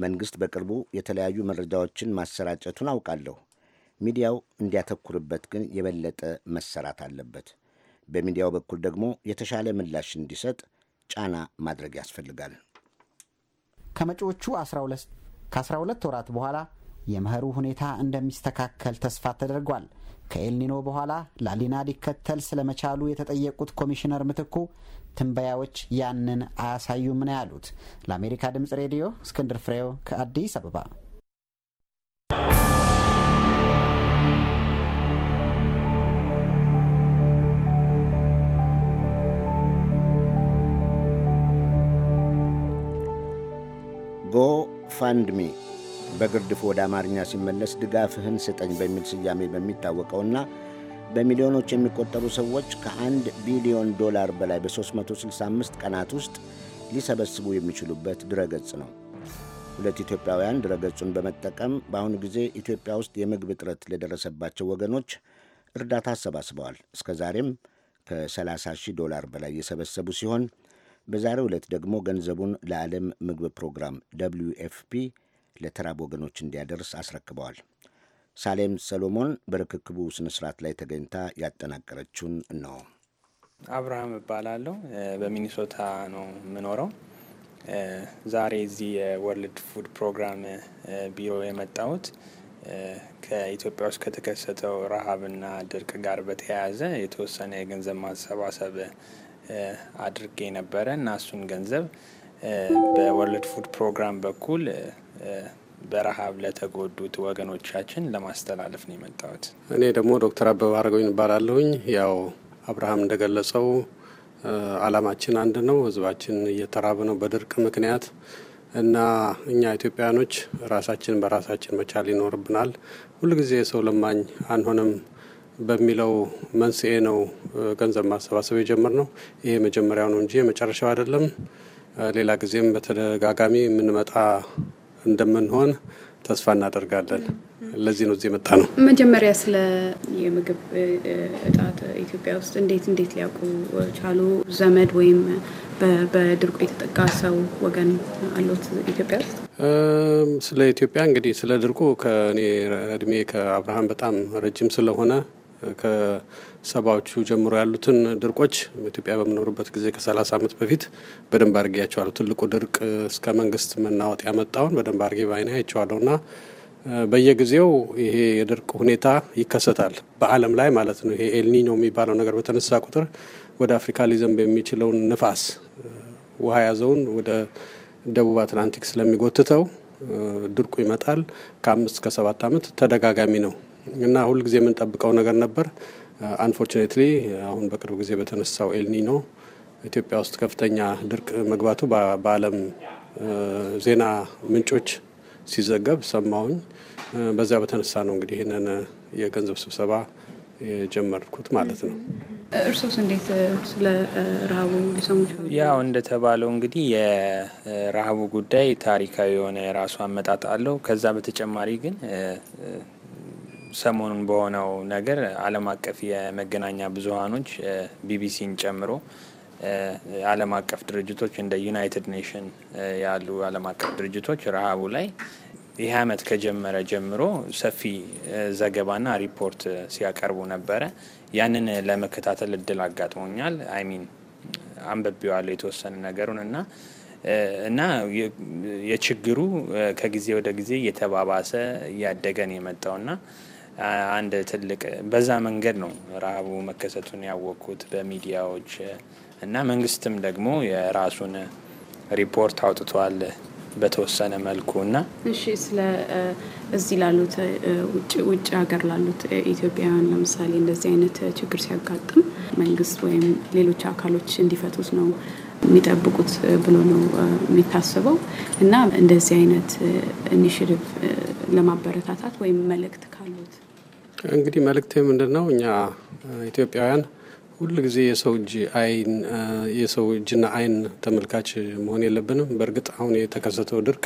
መንግሥት በቅርቡ የተለያዩ መረጃዎችን ማሰራጨቱን አውቃለሁ። ሚዲያው እንዲያተኩርበት ግን የበለጠ መሰራት አለበት። በሚዲያው በኩል ደግሞ የተሻለ ምላሽ እንዲሰጥ ጫና ማድረግ ያስፈልጋል። ከመጪዎቹ 12 ከ12 ወራት በኋላ የመኸሩ ሁኔታ እንደሚስተካከል ተስፋ ተደርጓል። ከኤልኒኖ በኋላ ላሊና ሊከተል ስለመቻሉ የተጠየቁት ኮሚሽነር ምትኩ ትንበያዎች ያንን አያሳዩም ነው ያሉት። ለአሜሪካ ድምፅ ሬዲዮ እስክንድር ፍሬው ከአዲስ አበባ ጎ ፋንድሚ በግርድፉ ወደ አማርኛ ሲመለስ ድጋፍህን ስጠኝ በሚል ስያሜ በሚታወቀውና በሚሊዮኖች የሚቆጠሩ ሰዎች ከአንድ ቢሊዮን ዶላር በላይ በ365 ቀናት ውስጥ ሊሰበስቡ የሚችሉበት ድረገጽ ነው። ሁለት ኢትዮጵያውያን ድረገጹን በመጠቀም በአሁኑ ጊዜ ኢትዮጵያ ውስጥ የምግብ እጥረት ለደረሰባቸው ወገኖች እርዳታ አሰባስበዋል። እስከ ዛሬም ከ30 ሺህ ዶላር በላይ የሰበሰቡ ሲሆን በዛሬው ዕለት ደግሞ ገንዘቡን ለዓለም ምግብ ፕሮግራም ደብልዩ ኤፍፒ ለተራብ ወገኖች እንዲያደርስ አስረክበዋል። ሳሌም ሰሎሞን በርክክቡ ስነ ስርዓት ላይ ተገኝታ ያጠናቀረችውን ነው። አብርሃም እባላለሁ። በሚኒሶታ ነው የምኖረው። ዛሬ እዚህ የወርልድ ፉድ ፕሮግራም ቢሮ የመጣሁት ከኢትዮጵያ ውስጥ ከተከሰተው ረሃብና ድርቅ ጋር በተያያዘ የተወሰነ የገንዘብ ማሰባሰብ አድርጌ ነበረ እና እሱን ገንዘብ በወርልድ ፉድ ፕሮግራም በኩል በረሃብ ለተጎዱት ወገኖቻችን ለማስተላለፍ ነው የመጣሁት። እኔ ደግሞ ዶክተር አበበ አረገኝ እባላለሁኝ። ያው አብርሃም እንደገለጸው አላማችን አንድ ነው። ህዝባችን እየተራበ ነው በድርቅ ምክንያት እና እኛ ኢትዮጵያኖች ራሳችን በራሳችን መቻል ይኖርብናል። ሁልጊዜ የሰው ለማኝ አንሆንም። በሚለው መንስኤ ነው ገንዘብ ማሰባሰብ የጀመርነው። ይሄ መጀመሪያው ነው እንጂ የመጨረሻው አይደለም። ሌላ ጊዜም በተደጋጋሚ የምንመጣ እንደምንሆን ተስፋ እናደርጋለን። ለዚህ ነው እዚህ የመጣ ነው። መጀመሪያ ስለ የምግብ እጣት ኢትዮጵያ ውስጥ እንዴት እንዴት ሊያውቁ ቻሉ? ዘመድ ወይም በድርቁ የተጠቃ ሰው ወገን አሉት ኢትዮጵያ ውስጥ? ስለ ኢትዮጵያ እንግዲህ ስለ ድርቁ ከእኔ እድሜ ከአብርሃም በጣም ረጅም ስለሆነ ከሰባዎቹ ጀምሮ ያሉትን ድርቆች ኢትዮጵያ በምኖርበት ጊዜ ከሰላሳ ዓመት በፊት በደንብ ያቸዋለሁ። ትልቁ ድርቅ እስከ መንግስት መናወጥ ያመጣውን በደንብ አድርጌ ባይና አይቼዋለሁ እና በየጊዜው ይሄ የድርቅ ሁኔታ ይከሰታል በዓለም ላይ ማለት ነው። ይሄ ኤልኒኖ የሚባለው ነገር በተነሳ ቁጥር ወደ አፍሪካ ሊዘንብ የሚችለውን ንፋስ ውሃ ያዘውን ወደ ደቡብ አትላንቲክ ስለሚጎትተው ድርቁ ይመጣል። ከአምስት ከሰባት ዓመት ተደጋጋሚ ነው። እና ሁልጊዜ የምንጠብቀው ነገር ነበር። አንፎርቹኔትሊ አሁን በቅርብ ጊዜ በተነሳው ኤልኒኖ ኢትዮጵያ ውስጥ ከፍተኛ ድርቅ መግባቱ በዓለም ዜና ምንጮች ሲዘገብ ሰማውኝ በዚያ በተነሳ ነው እንግዲህ ይህንን የገንዘብ ስብሰባ የጀመርኩት ማለት ነው። እርሶስ እንዴት ስለ ረሃቡ ሊሰሙ? ያው እንደተባለው እንግዲህ የረሃቡ ጉዳይ ታሪካዊ የሆነ የራሱ አመጣጥ አለው። ከዛ በተጨማሪ ግን ሰሞኑን በሆነው ነገር ዓለም አቀፍ የመገናኛ ብዙሃኖች ቢቢሲን ጨምሮ ዓለም አቀፍ ድርጅቶች እንደ ዩናይትድ ኔሽን ያሉ ዓለም አቀፍ ድርጅቶች ረሃቡ ላይ ይህ ዓመት ከጀመረ ጀምሮ ሰፊ ዘገባና ሪፖርት ሲያቀርቡ ነበረ። ያንን ለመከታተል እድል አጋጥሞኛል። አይሚን አንብቤዋለሁ የተወሰነ ነገሩን እና እና የችግሩ ከጊዜ ወደ ጊዜ እየተባባሰ እያደገን የመጣውና አንድ ትልቅ በዛ መንገድ ነው ረሃቡ መከሰቱን ያወቅኩት በሚዲያዎች እና መንግስትም ደግሞ የራሱን ሪፖርት አውጥቷል በተወሰነ መልኩ እና እሺ፣ ስለ እዚህ ላሉት ውጭ ሀገር ላሉት ኢትዮጵያውያን ለምሳሌ እንደዚህ አይነት ችግር ሲያጋጥም መንግስት ወይም ሌሎች አካሎች እንዲፈቱት ነው የሚጠብቁት ብሎ ነው የሚታስበው እና እንደዚህ አይነት ኢኒሽቲቭ ለማበረታታት ወይም መልእክት ካሉት እንግዲህ መልእክት ምንድን ነው? እኛ ኢትዮጵያውያን ሁል ጊዜ የሰው እጅ አይን የሰው እጅና አይን ተመልካች መሆን የለብንም። በእርግጥ አሁን የተከሰተው ድርቅ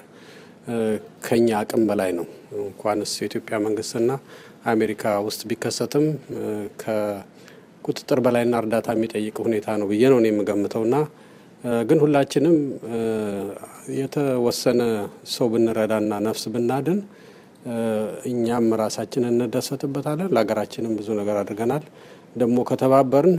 ከኛ አቅም በላይ ነው። እንኳንስ የኢትዮጵያ መንግስትና አሜሪካ ውስጥ ቢከሰትም ከቁጥጥር በላይና እርዳታ የሚጠይቅ ሁኔታ ነው ብዬ ነው የምገምተው ና። ግን ሁላችንም የተወሰነ ሰው ብንረዳና ነፍስ ብናድን እኛም ራሳችን እንደሰትበታለን። ለሀገራችንም ብዙ ነገር አድርገናል። ደግሞ ከተባበርን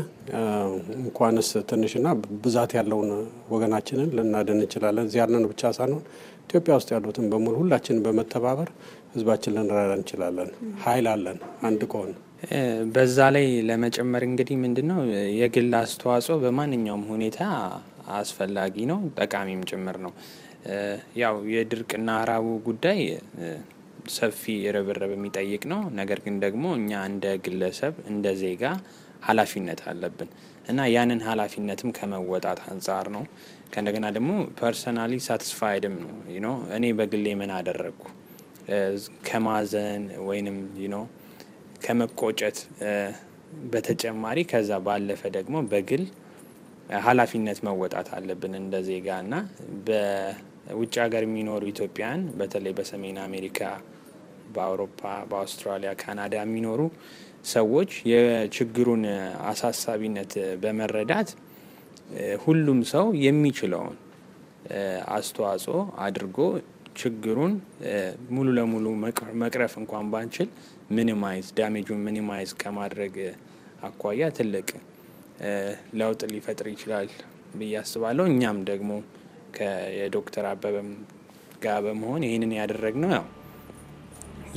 እንኳንስ ትንሽና ብዛት ያለውን ወገናችንን ልናድን እንችላለን። እዚህ ያለን ብቻ ሳንሆን ኢትዮጵያ ውስጥ ያሉትን በሙሉ ሁላችንን በመተባበር ህዝባችን ልንረዳ እንችላለን። ሀይል አለን አንድ ከሆን በዛ ላይ ለመጨመር እንግዲህ ምንድን ነው የግል አስተዋጽኦ በማንኛውም ሁኔታ አስፈላጊ ነው፣ ጠቃሚም ጭምር ነው። ያው የድርቅና ራቡ ጉዳይ ሰፊ ርብርብ የሚጠይቅ ነው። ነገር ግን ደግሞ እኛ እንደ ግለሰብ እንደ ዜጋ ኃላፊነት አለብን እና ያንን ኃላፊነትም ከመወጣት አንጻር ነው። ከእንደገና ደግሞ ፐርሰናሊ ሳትስፋይድም ነው እኔ በግሌ ምን አደረግኩ ከማዘን ወይንም ነው ከመቆጨት በተጨማሪ ከዛ ባለፈ ደግሞ በግል ኃላፊነት መወጣት አለብን እንደ ዜጋ እና በውጭ ሀገር የሚኖሩ ኢትዮጵያን በተለይ በሰሜን አሜሪካ፣ በአውሮፓ፣ በአውስትራሊያ፣ ካናዳ የሚኖሩ ሰዎች የችግሩን አሳሳቢነት በመረዳት ሁሉም ሰው የሚችለውን አስተዋጽኦ አድርጎ ችግሩን ሙሉ ለሙሉ መቅረፍ እንኳን ባንችል ሚኒማይዝ ዳሜጁን ሚኒማይዝ ከማድረግ አኳያ ትልቅ ለውጥ ሊፈጥር ይችላል ብዬ አስባለሁ። እኛም ደግሞ የዶክተር አበበም ጋር በመሆን ይህንን ያደረግነው ያው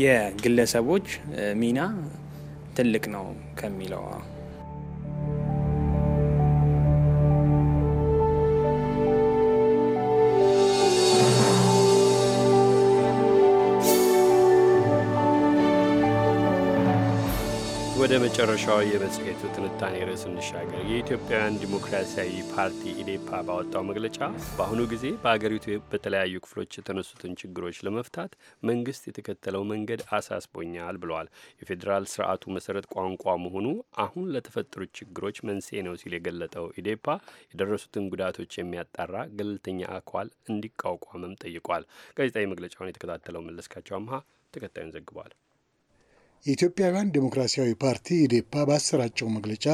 የግለሰቦች ሚና ትልቅ ነው ከሚለው መጨረሻው የመጽሔቱ ትንታኔ ርዕስ እንሻገር። የኢትዮጵያውያን ዲሞክራሲያዊ ፓርቲ ኢዴፓ ባወጣው መግለጫ በአሁኑ ጊዜ በአገሪቱ በተለያዩ ክፍሎች የተነሱትን ችግሮች ለመፍታት መንግስት የተከተለው መንገድ አሳስቦኛል ብለዋል። የፌዴራል ስርዓቱ መሰረት ቋንቋ መሆኑ አሁን ለተፈጠሩት ችግሮች መንስኤ ነው ሲል የገለጠው ኢዴፓ የደረሱትን ጉዳቶች የሚያጣራ ገለልተኛ አካል እንዲቋቋምም ጠይቋል። ጋዜጣዊ መግለጫውን የተከታተለው መለስካቸው አምሃ ተከታዩን ዘግቧል። የኢትዮጵያውያን ዴሞክራሲያዊ ፓርቲ ኢዴፓ ባሰራጨው መግለጫ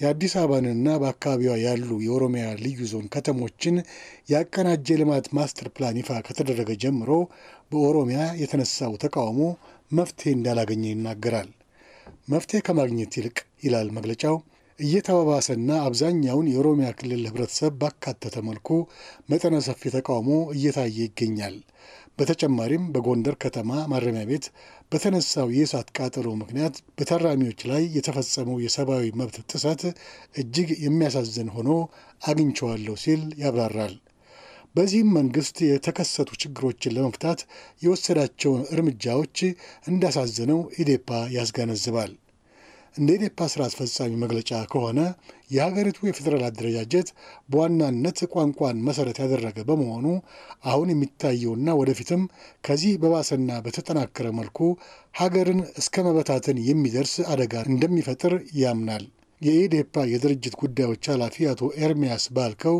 የአዲስ አበባንና በአካባቢዋ ያሉ የኦሮሚያ ልዩ ዞን ከተሞችን ያቀናጀ ልማት ማስተር ፕላን ይፋ ከተደረገ ጀምሮ በኦሮሚያ የተነሳው ተቃውሞ መፍትሄ እንዳላገኘ ይናገራል። መፍትሄ ከማግኘት ይልቅ ይላል መግለጫው እየተባባሰና አብዛኛውን የኦሮሚያ ክልል ህብረተሰብ ባካተተ መልኩ መጠነ ሰፊ ተቃውሞ እየታየ ይገኛል። በተጨማሪም በጎንደር ከተማ ማረሚያ ቤት በተነሳው የእሳት ቃጠሎ ምክንያት በታራሚዎች ላይ የተፈጸመው የሰብአዊ መብት ጥሰት እጅግ የሚያሳዝን ሆኖ አግኝቸዋለሁ ሲል ያብራራል። በዚህም መንግስት የተከሰቱ ችግሮችን ለመፍታት የወሰዳቸውን እርምጃዎች እንዳሳዘነው ኢዴፓ ያስገነዝባል። እንደ ኢዴፓ ስራ አስፈጻሚ መግለጫ ከሆነ የሀገሪቱ የፌዴራል አደረጃጀት በዋናነት ቋንቋን መሰረት ያደረገ በመሆኑ አሁን የሚታየውና ወደፊትም ከዚህ በባሰና በተጠናከረ መልኩ ሀገርን እስከ መበታትን የሚደርስ አደጋ እንደሚፈጥር ያምናል። የኢዴፓ የድርጅት ጉዳዮች ኃላፊ አቶ ኤርሚያስ ባልከው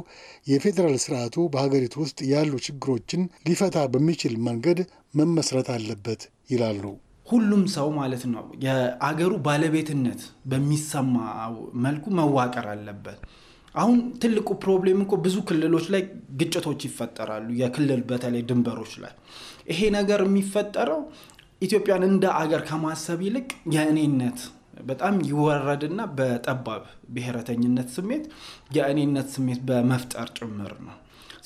የፌዴራል ስርዓቱ በሀገሪቱ ውስጥ ያሉ ችግሮችን ሊፈታ በሚችል መንገድ መመስረት አለበት ይላሉ። ሁሉም ሰው ማለት ነው የአገሩ ባለቤትነት በሚሰማ መልኩ መዋቀር አለበት። አሁን ትልቁ ፕሮብሌም እኮ ብዙ ክልሎች ላይ ግጭቶች ይፈጠራሉ። የክልል በተለይ ድንበሮች ላይ ይሄ ነገር የሚፈጠረው ኢትዮጵያን እንደ አገር ከማሰብ ይልቅ የእኔነት በጣም ይወረድና በጠባብ ብሔረተኝነት ስሜት የእኔነት ስሜት በመፍጠር ጭምር ነው።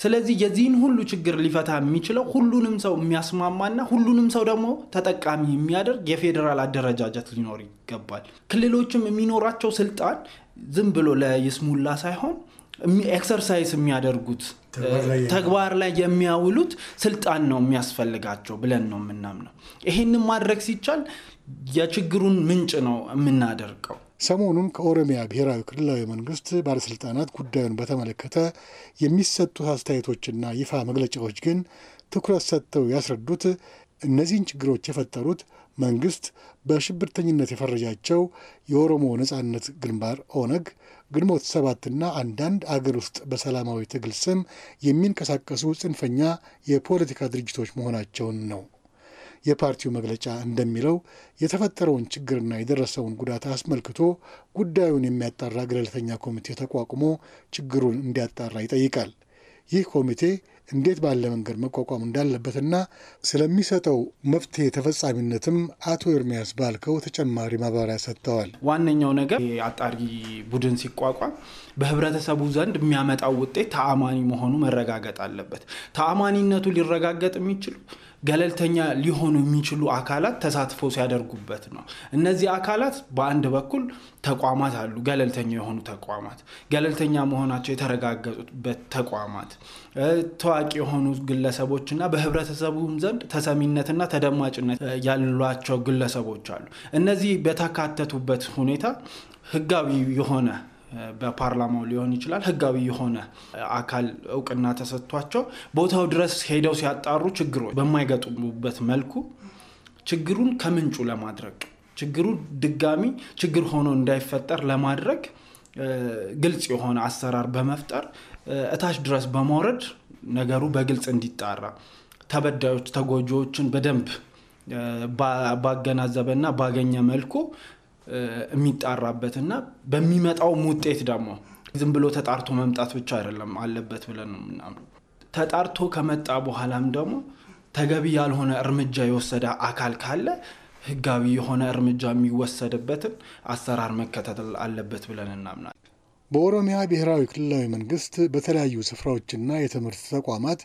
ስለዚህ የዚህን ሁሉ ችግር ሊፈታ የሚችለው ሁሉንም ሰው የሚያስማማና ሁሉንም ሰው ደግሞ ተጠቃሚ የሚያደርግ የፌዴራል አደረጃጀት ሊኖር ይገባል። ክልሎችም የሚኖራቸው ስልጣን ዝም ብሎ ለይስሙላ ሳይሆን ኤክሰርሳይዝ የሚያደርጉት ተግባር ላይ የሚያውሉት ስልጣን ነው የሚያስፈልጋቸው ብለን ነው የምናምነው። ይሄንን ማድረግ ሲቻል የችግሩን ምንጭ ነው የምናደርገው። ሰሞኑን ከኦሮሚያ ብሔራዊ ክልላዊ መንግስት ባለስልጣናት ጉዳዩን በተመለከተ የሚሰጡ አስተያየቶችና ይፋ መግለጫዎች ግን ትኩረት ሰጥተው ያስረዱት እነዚህን ችግሮች የፈጠሩት መንግስት በሽብርተኝነት የፈረጃቸው የኦሮሞ ነጻነት ግንባር ኦነግ፣ ግንቦት ሰባትና አንዳንድ አገር ውስጥ በሰላማዊ ትግል ስም የሚንቀሳቀሱ ጽንፈኛ የፖለቲካ ድርጅቶች መሆናቸውን ነው። የፓርቲው መግለጫ እንደሚለው የተፈጠረውን ችግርና የደረሰውን ጉዳት አስመልክቶ ጉዳዩን የሚያጣራ ገለልተኛ ኮሚቴ ተቋቁሞ ችግሩን እንዲያጣራ ይጠይቃል። ይህ ኮሚቴ እንዴት ባለ መንገድ መቋቋም እንዳለበትና ስለሚሰጠው መፍትሄ ተፈጻሚነትም አቶ ኤርሚያስ ባልከው ተጨማሪ ማብራሪያ ሰጥተዋል። ዋነኛው ነገር የአጣሪ ቡድን ሲቋቋም በህብረተሰቡ ዘንድ የሚያመጣው ውጤት ተአማኒ መሆኑ መረጋገጥ አለበት። ተአማኒነቱ ሊረጋገጥ የሚችሉ ገለልተኛ ሊሆኑ የሚችሉ አካላት ተሳትፎ ሲያደርጉበት ነው። እነዚህ አካላት በአንድ በኩል ተቋማት አሉ፣ ገለልተኛ የሆኑ ተቋማት፣ ገለልተኛ መሆናቸው የተረጋገጡበት ተቋማት፣ ታዋቂ የሆኑ ግለሰቦችና በህብረተሰቡም ዘንድ ተሰሚነትና ተደማጭነት ያሏቸው ግለሰቦች አሉ። እነዚህ በተካተቱበት ሁኔታ ህጋዊ የሆነ በፓርላማው ሊሆን ይችላል ህጋዊ የሆነ አካል እውቅና ተሰጥቷቸው ቦታው ድረስ ሄደው ሲያጣሩ ችግሮች በማይገጥሙበት መልኩ ችግሩን ከምንጩ ለማድረግ ችግሩ ድጋሚ ችግር ሆኖ እንዳይፈጠር ለማድረግ ግልጽ የሆነ አሰራር በመፍጠር እታች ድረስ በማውረድ ነገሩ በግልጽ እንዲጣራ ተበዳዮች ተጎጂዎችን በደንብ ባገናዘበና ባገኘ መልኩ የሚጣራበት እና በሚመጣውም ውጤት ደግሞ ዝም ብሎ ተጣርቶ መምጣት ብቻ አይደለም አለበት ብለን ነው የምናምነው። ተጣርቶ ከመጣ በኋላም ደግሞ ተገቢ ያልሆነ እርምጃ የወሰደ አካል ካለ ህጋዊ የሆነ እርምጃ የሚወሰድበትን አሰራር መከተት አለበት ብለን እናምናል። በኦሮሚያ ብሔራዊ ክልላዊ መንግስት በተለያዩ ስፍራዎችና የትምህርት ተቋማት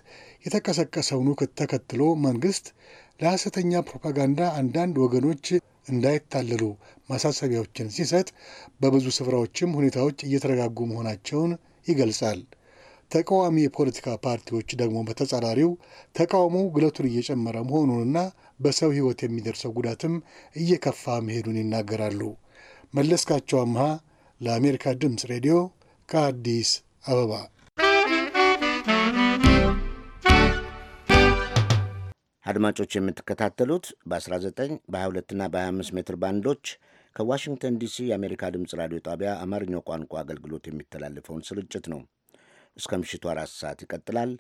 የተቀሰቀሰውን ውከት ተከትሎ መንግስት ለሐሰተኛ ፕሮፓጋንዳ አንዳንድ ወገኖች እንዳይታለሉ ማሳሰቢያዎችን ሲሰጥ በብዙ ስፍራዎችም ሁኔታዎች እየተረጋጉ መሆናቸውን ይገልጻል። ተቃዋሚ የፖለቲካ ፓርቲዎች ደግሞ በተጻራሪው ተቃውሞ ግለቱን እየጨመረ መሆኑንና በሰው ሕይወት የሚደርሰው ጉዳትም እየከፋ መሄዱን ይናገራሉ። መለስካቸው አምሃ ለአሜሪካ ድምፅ ሬዲዮ ከአዲስ አበባ አድማጮች የምትከታተሉት በ19 በ22ና በ25 ሜትር ባንዶች ከዋሽንግተን ዲሲ የአሜሪካ ድምፅ ራዲዮ ጣቢያ አማርኛው ቋንቋ አገልግሎት የሚተላለፈውን ስርጭት ነው። እስከ ምሽቱ አራት ሰዓት ይቀጥላል።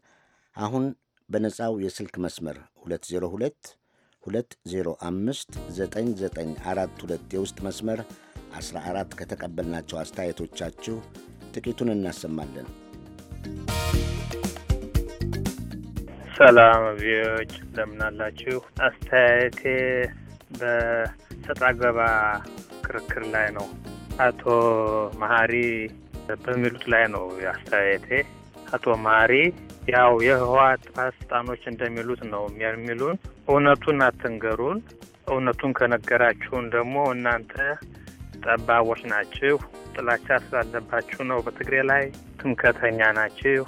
አሁን በነፃው የስልክ መስመር 2022059942 የውስጥ መስመር 14 ከተቀበልናቸው አስተያየቶቻችሁ ጥቂቱን እናሰማለን። ሰላም ቪዎች እንደምናላችሁ። አስተያየቴ በሰጥ አገባ ክርክር ላይ ነው። አቶ መሀሪ በሚሉት ላይ ነው አስተያየቴ። አቶ መሀሪ ያው የህወሓት ባለስልጣኖች እንደሚሉት ነው የሚሉን። እውነቱን አትንገሩን። እውነቱን ከነገራችሁን ደግሞ እናንተ ጠባቦች ናችሁ። ጥላቻ ስላለባችሁ ነው በትግሬ ላይ ትምከተኛ ናችሁ።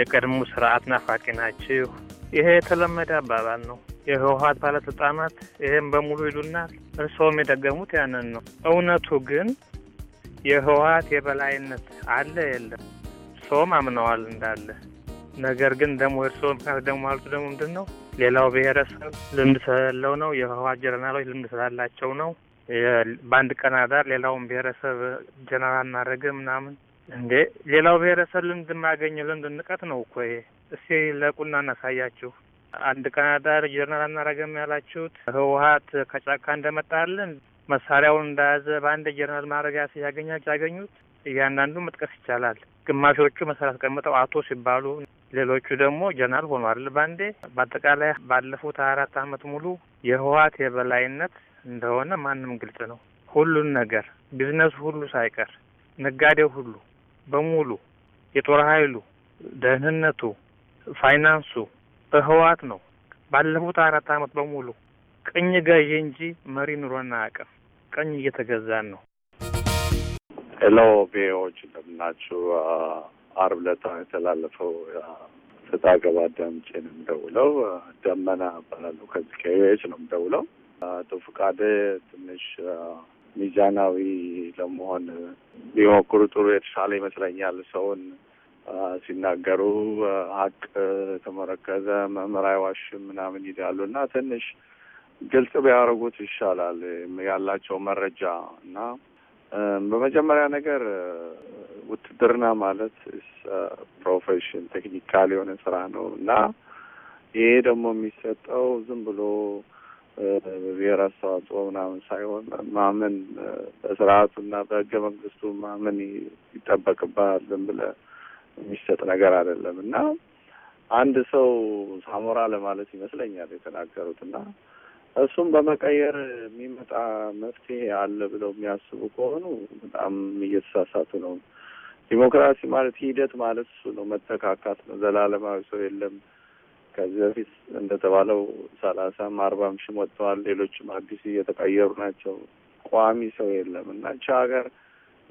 የቀድሞ ስርዓት ናፋቂ ናችሁ። ይሄ የተለመደ አባባል ነው። የህወሀት ባለስልጣናት ይሄን በሙሉ ይሉናል፣ እርስዎም የደገሙት ያንን ነው። እውነቱ ግን የህወሀት የበላይነት አለ የለም፣ ሰውም አምነዋል እንዳለ። ነገር ግን ደግሞ የእርስዎ ምክንያት ደግሞ አሉት ደግሞ ምንድን ነው ሌላው ብሔረሰብ ልምድ ስላለው ነው፣ የህወሀት ጀነራሎች ልምድ ስላላቸው ነው። በአንድ ቀን አዳር ሌላውን ብሔረሰብ ጀነራል እናደረገ ምናምን እንዴ ሌላው ብሔረሰብ ልምድ የማያገኘው ልምድ ንቀት ነው እኮ ይሄ እስቲ ለቁና እናሳያችሁ አንድ ቀናዳር ጀነራል አናረገም ያላችሁት ህወሀት ከጫካ እንደመጣልን መሳሪያውን እንደያዘ በአንድ ጀነራል ማዕረግ ያገኛች ያገኙት እያንዳንዱ መጥቀስ ይቻላል። ግማሾቹ መሰረት ቀምጠው አቶ ሲባሉ፣ ሌሎቹ ደግሞ ጀነራል ሆኗል ባንዴ። በአጠቃላይ ባለፉት ሀያ አራት አመት ሙሉ የህወሀት የበላይነት እንደሆነ ማንም ግልጽ ነው። ሁሉን ነገር ቢዝነስ ሁሉ ሳይቀር ነጋዴው ሁሉ በሙሉ የጦር ኃይሉ ደህንነቱ ፋይናንሱ በህወሓት ነው። ባለፉት አራት አመት በሙሉ ቅኝ ገዢ እንጂ መሪ ኑሮና አያውቅም። ቅኝ እየተገዛን ነው። ሄሎ ቪዎች እንደምናችሁ። አርብ ዕለት የተላለፈው ገባ ደምጬ ነው የምደውለው። ደመና እባላለሁ። ከዚህ ከዩኤች ነው የምደውለው። አቶ ፍቃደ ትንሽ ሚዛናዊ ለመሆን ቢሞክሩ ጥሩ የተሻለ ይመስለኛል። ሰውን ሲናገሩ ሀቅ ተመረከዘ መምህር አይዋሽም ምናምን ይላሉ እና ትንሽ ግልጽ ቢያደርጉት ይሻላል ያላቸው መረጃ እና በመጀመሪያ ነገር ውትድርና ማለት ፕሮፌሽን ቴክኒካል የሆነ ስራ ነው እና ይሄ ደግሞ የሚሰጠው ዝም ብሎ ብሔር አስተዋጽኦ ምናምን ሳይሆን ማመን በስርዓቱ እና በህገ መንግስቱ ማመን ይጠበቅባል። ዝም ብለህ የሚሰጥ ነገር አይደለም እና አንድ ሰው ሳሞራ ለማለት ይመስለኛል የተናገሩት እና እሱም በመቀየር የሚመጣ መፍትሄ አለ ብለው የሚያስቡ ከሆኑ በጣም እየተሳሳቱ ነው። ዲሞክራሲ ማለት ሂደት ማለት እሱ ነው፣ መተካካት ነው። ዘላለማዊ ሰው የለም። ከዚህ በፊት እንደተባለው ሰላሳም አርባም ሺህ ወጥተዋል። ሌሎችም አዲስ እየተቀየሩ ናቸው። ቋሚ ሰው የለም እና ቻ ሀገር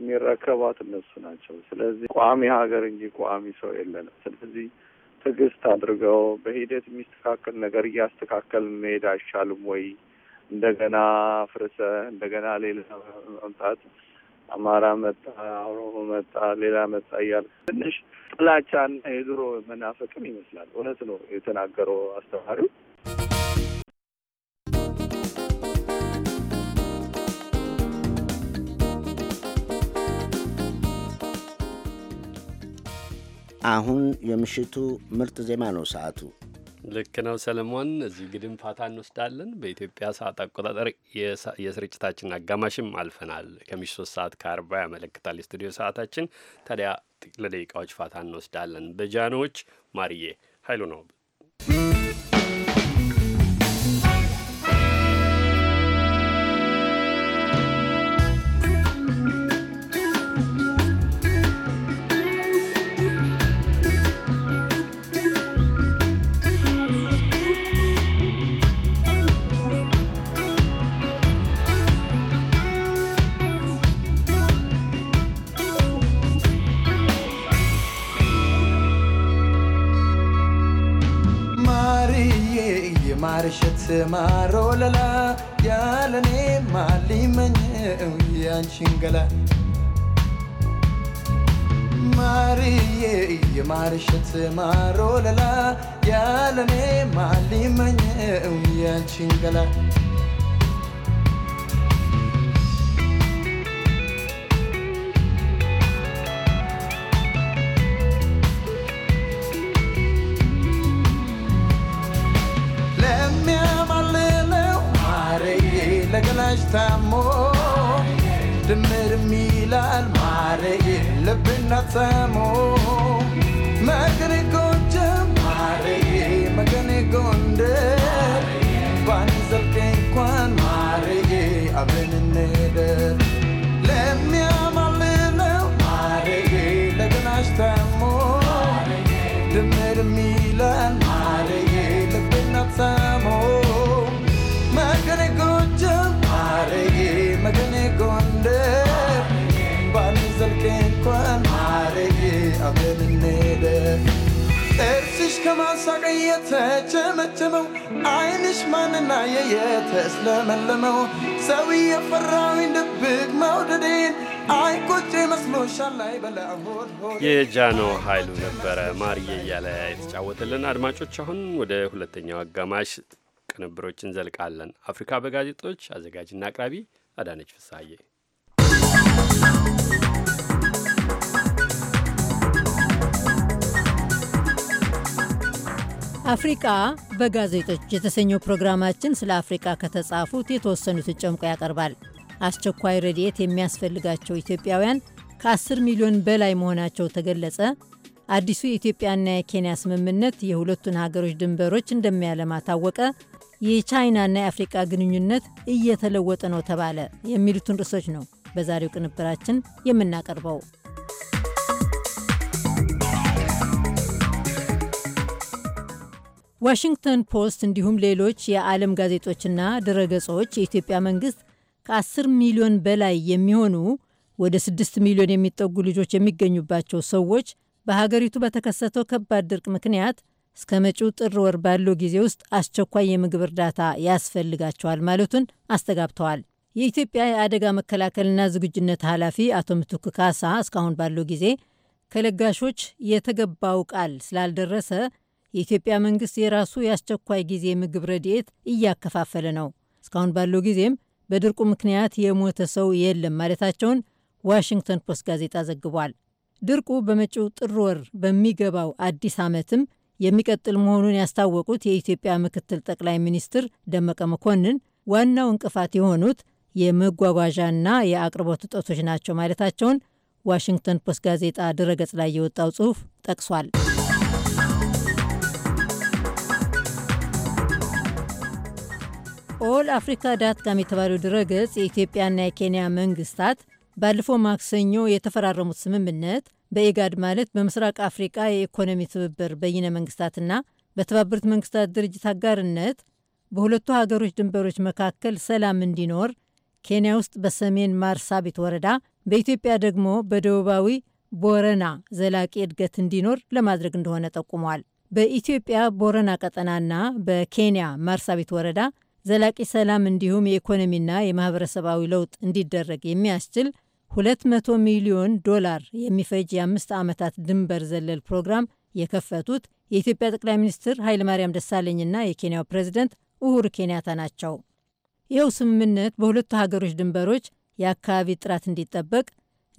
የሚረከቧት እነሱ ናቸው። ስለዚህ ቋሚ ሀገር እንጂ ቋሚ ሰው የለንም። ስለዚህ ትዕግስት አድርገው በሂደት የሚስተካከል ነገር እያስተካከል መሄድ አይሻልም ወይ? እንደገና ፍርሰ፣ እንደገና ሌላ መምጣት አማራ መጣ፣ ኦሮሞ መጣ፣ ሌላ መጣ እያል ትንሽ ጥላቻና የድሮ መናፈቅም ይመስላል። እውነት ነው የተናገረው አስተማሪው። አሁን የምሽቱ ምርጥ ዜማ ነው ሰዓቱ። ልክ ነው ሰለሞን። እዚህ ግድም ፋታ እንወስዳለን። በኢትዮጵያ ሰዓት አቆጣጠር የስርጭታችን አጋማሽም አልፈናል። ከምሽቱ ሶስት ሰዓት ከአርባ ያመለክታል የስቱዲዮ ሰዓታችን። ታዲያ ለደቂቃዎች ፋታ እንወስዳለን። በጃኖዎች ማርዬ ኃይሉ ነው አርሸት ማሮለላ ያለኔ ማሊመኘው ያንቺን ገላ ማርዬ የማርሸት ማሮለላ ያለኔ ማሊመኘው ያንቺን ገላ ነሽ ታሞ ድምር ሚላል ማረዬ ልብና ተሞ መገኔ ጎንደር ማረዬ መገኔ ባን ዘልቄ እንኳን ማረዬ አብረን እንሄደር ለሚያማልለው ማረዬ ለገናሽ ታሞ ድምር ሚላል ከድኔ ጎንደር ባንዘልቅ እንኳን ማረጌ አብረን እንሄደ ጥርስሽ ከማሳቅ እየተጨመጨመው ዓይንሽ ማንና የየተስለመለመው ሰው የፈራዊ ድብቅ መውደዴን አይቆጭ መስሎሻል ላይ የጃኖ ኃይሉ ነበረ ማርዬ እያለ የተጫወተልን። አድማጮች አሁን ወደ ሁለተኛው አጋማሽ ቅንብሮች እንዘልቃለን። አፍሪካ በጋዜጦች አዘጋጅና አቅራቢ አዳነች ፍሳሐዬ። አፍሪቃ በጋዜጦች የተሰኘው ፕሮግራማችን ስለ አፍሪቃ ከተጻፉት የተወሰኑትን ጨምቆ ያቀርባል። አስቸኳይ ረድኤት የሚያስፈልጋቸው ኢትዮጵያውያን ከ10 ሚሊዮን በላይ መሆናቸው ተገለጸ፣ አዲሱ የኢትዮጵያና የኬንያ ስምምነት የሁለቱን ሀገሮች ድንበሮች እንደሚያለማ ታወቀ፣ የቻይናና የአፍሪቃ ግንኙነት እየተለወጠ ነው ተባለ የሚሉትን ርዕሶች ነው በዛሬው ቅንብራችን የምናቀርበው። ዋሽንግተን ፖስት እንዲሁም ሌሎች የዓለም ጋዜጦችና ድረገጾች የኢትዮጵያ መንግስት ከ10 ሚሊዮን በላይ የሚሆኑ ወደ 6 ሚሊዮን የሚጠጉ ልጆች የሚገኙባቸው ሰዎች በሀገሪቱ በተከሰተው ከባድ ድርቅ ምክንያት እስከ መጪው ጥር ወር ባለው ጊዜ ውስጥ አስቸኳይ የምግብ እርዳታ ያስፈልጋቸዋል ማለቱን አስተጋብተዋል። የኢትዮጵያ የአደጋ መከላከልና ዝግጁነት ኃላፊ አቶ ምትኩ ካሳ እስካሁን ባለው ጊዜ ከለጋሾች የተገባው ቃል ስላልደረሰ የኢትዮጵያ መንግስት የራሱ የአስቸኳይ ጊዜ ምግብ ረድኤት እያከፋፈለ ነው፣ እስካሁን ባለው ጊዜም በድርቁ ምክንያት የሞተ ሰው የለም ማለታቸውን ዋሽንግተን ፖስት ጋዜጣ ዘግቧል። ድርቁ በመጪው ጥር ወር በሚገባው አዲስ ዓመትም የሚቀጥል መሆኑን ያስታወቁት የኢትዮጵያ ምክትል ጠቅላይ ሚኒስትር ደመቀ መኮንን ዋናው እንቅፋት የሆኑት የመጓጓዣና የአቅርቦት እጦቶች ናቸው ማለታቸውን ዋሽንግተን ፖስት ጋዜጣ ድረገጽ ላይ የወጣው ጽሑፍ ጠቅሷል። ኦል አፍሪካ ዳት ካም የተባለው ድረገጽ የኢትዮጵያና የኬንያ መንግስታት ባለፈው ማክሰኞ የተፈራረሙት ስምምነት በኢጋድ ማለት በምስራቅ አፍሪቃ የኢኮኖሚ ትብብር በይነ መንግስታትና በተባበሩት መንግስታት ድርጅት አጋርነት በሁለቱ ሀገሮች ድንበሮች መካከል ሰላም እንዲኖር ኬንያ ውስጥ በሰሜን ማርሳቢት ወረዳ፣ በኢትዮጵያ ደግሞ በደቡባዊ ቦረና ዘላቂ እድገት እንዲኖር ለማድረግ እንደሆነ ጠቁሟል። በኢትዮጵያ ቦረና ቀጠናና በኬንያ ማርሳቢት ወረዳ ዘላቂ ሰላም እንዲሁም የኢኮኖሚና የማህበረሰባዊ ለውጥ እንዲደረግ የሚያስችል 200 ሚሊዮን ዶላር የሚፈጅ የአምስት ዓመታት ድንበር ዘለል ፕሮግራም የከፈቱት የኢትዮጵያ ጠቅላይ ሚኒስትር ኃይለማርያም ደሳለኝና የኬንያው ፕሬዚደንት ኡሁሩ ኬንያታ ናቸው። ይኸው ስምምነት በሁለቱ ሀገሮች ድንበሮች የአካባቢ ጥራት እንዲጠበቅ፣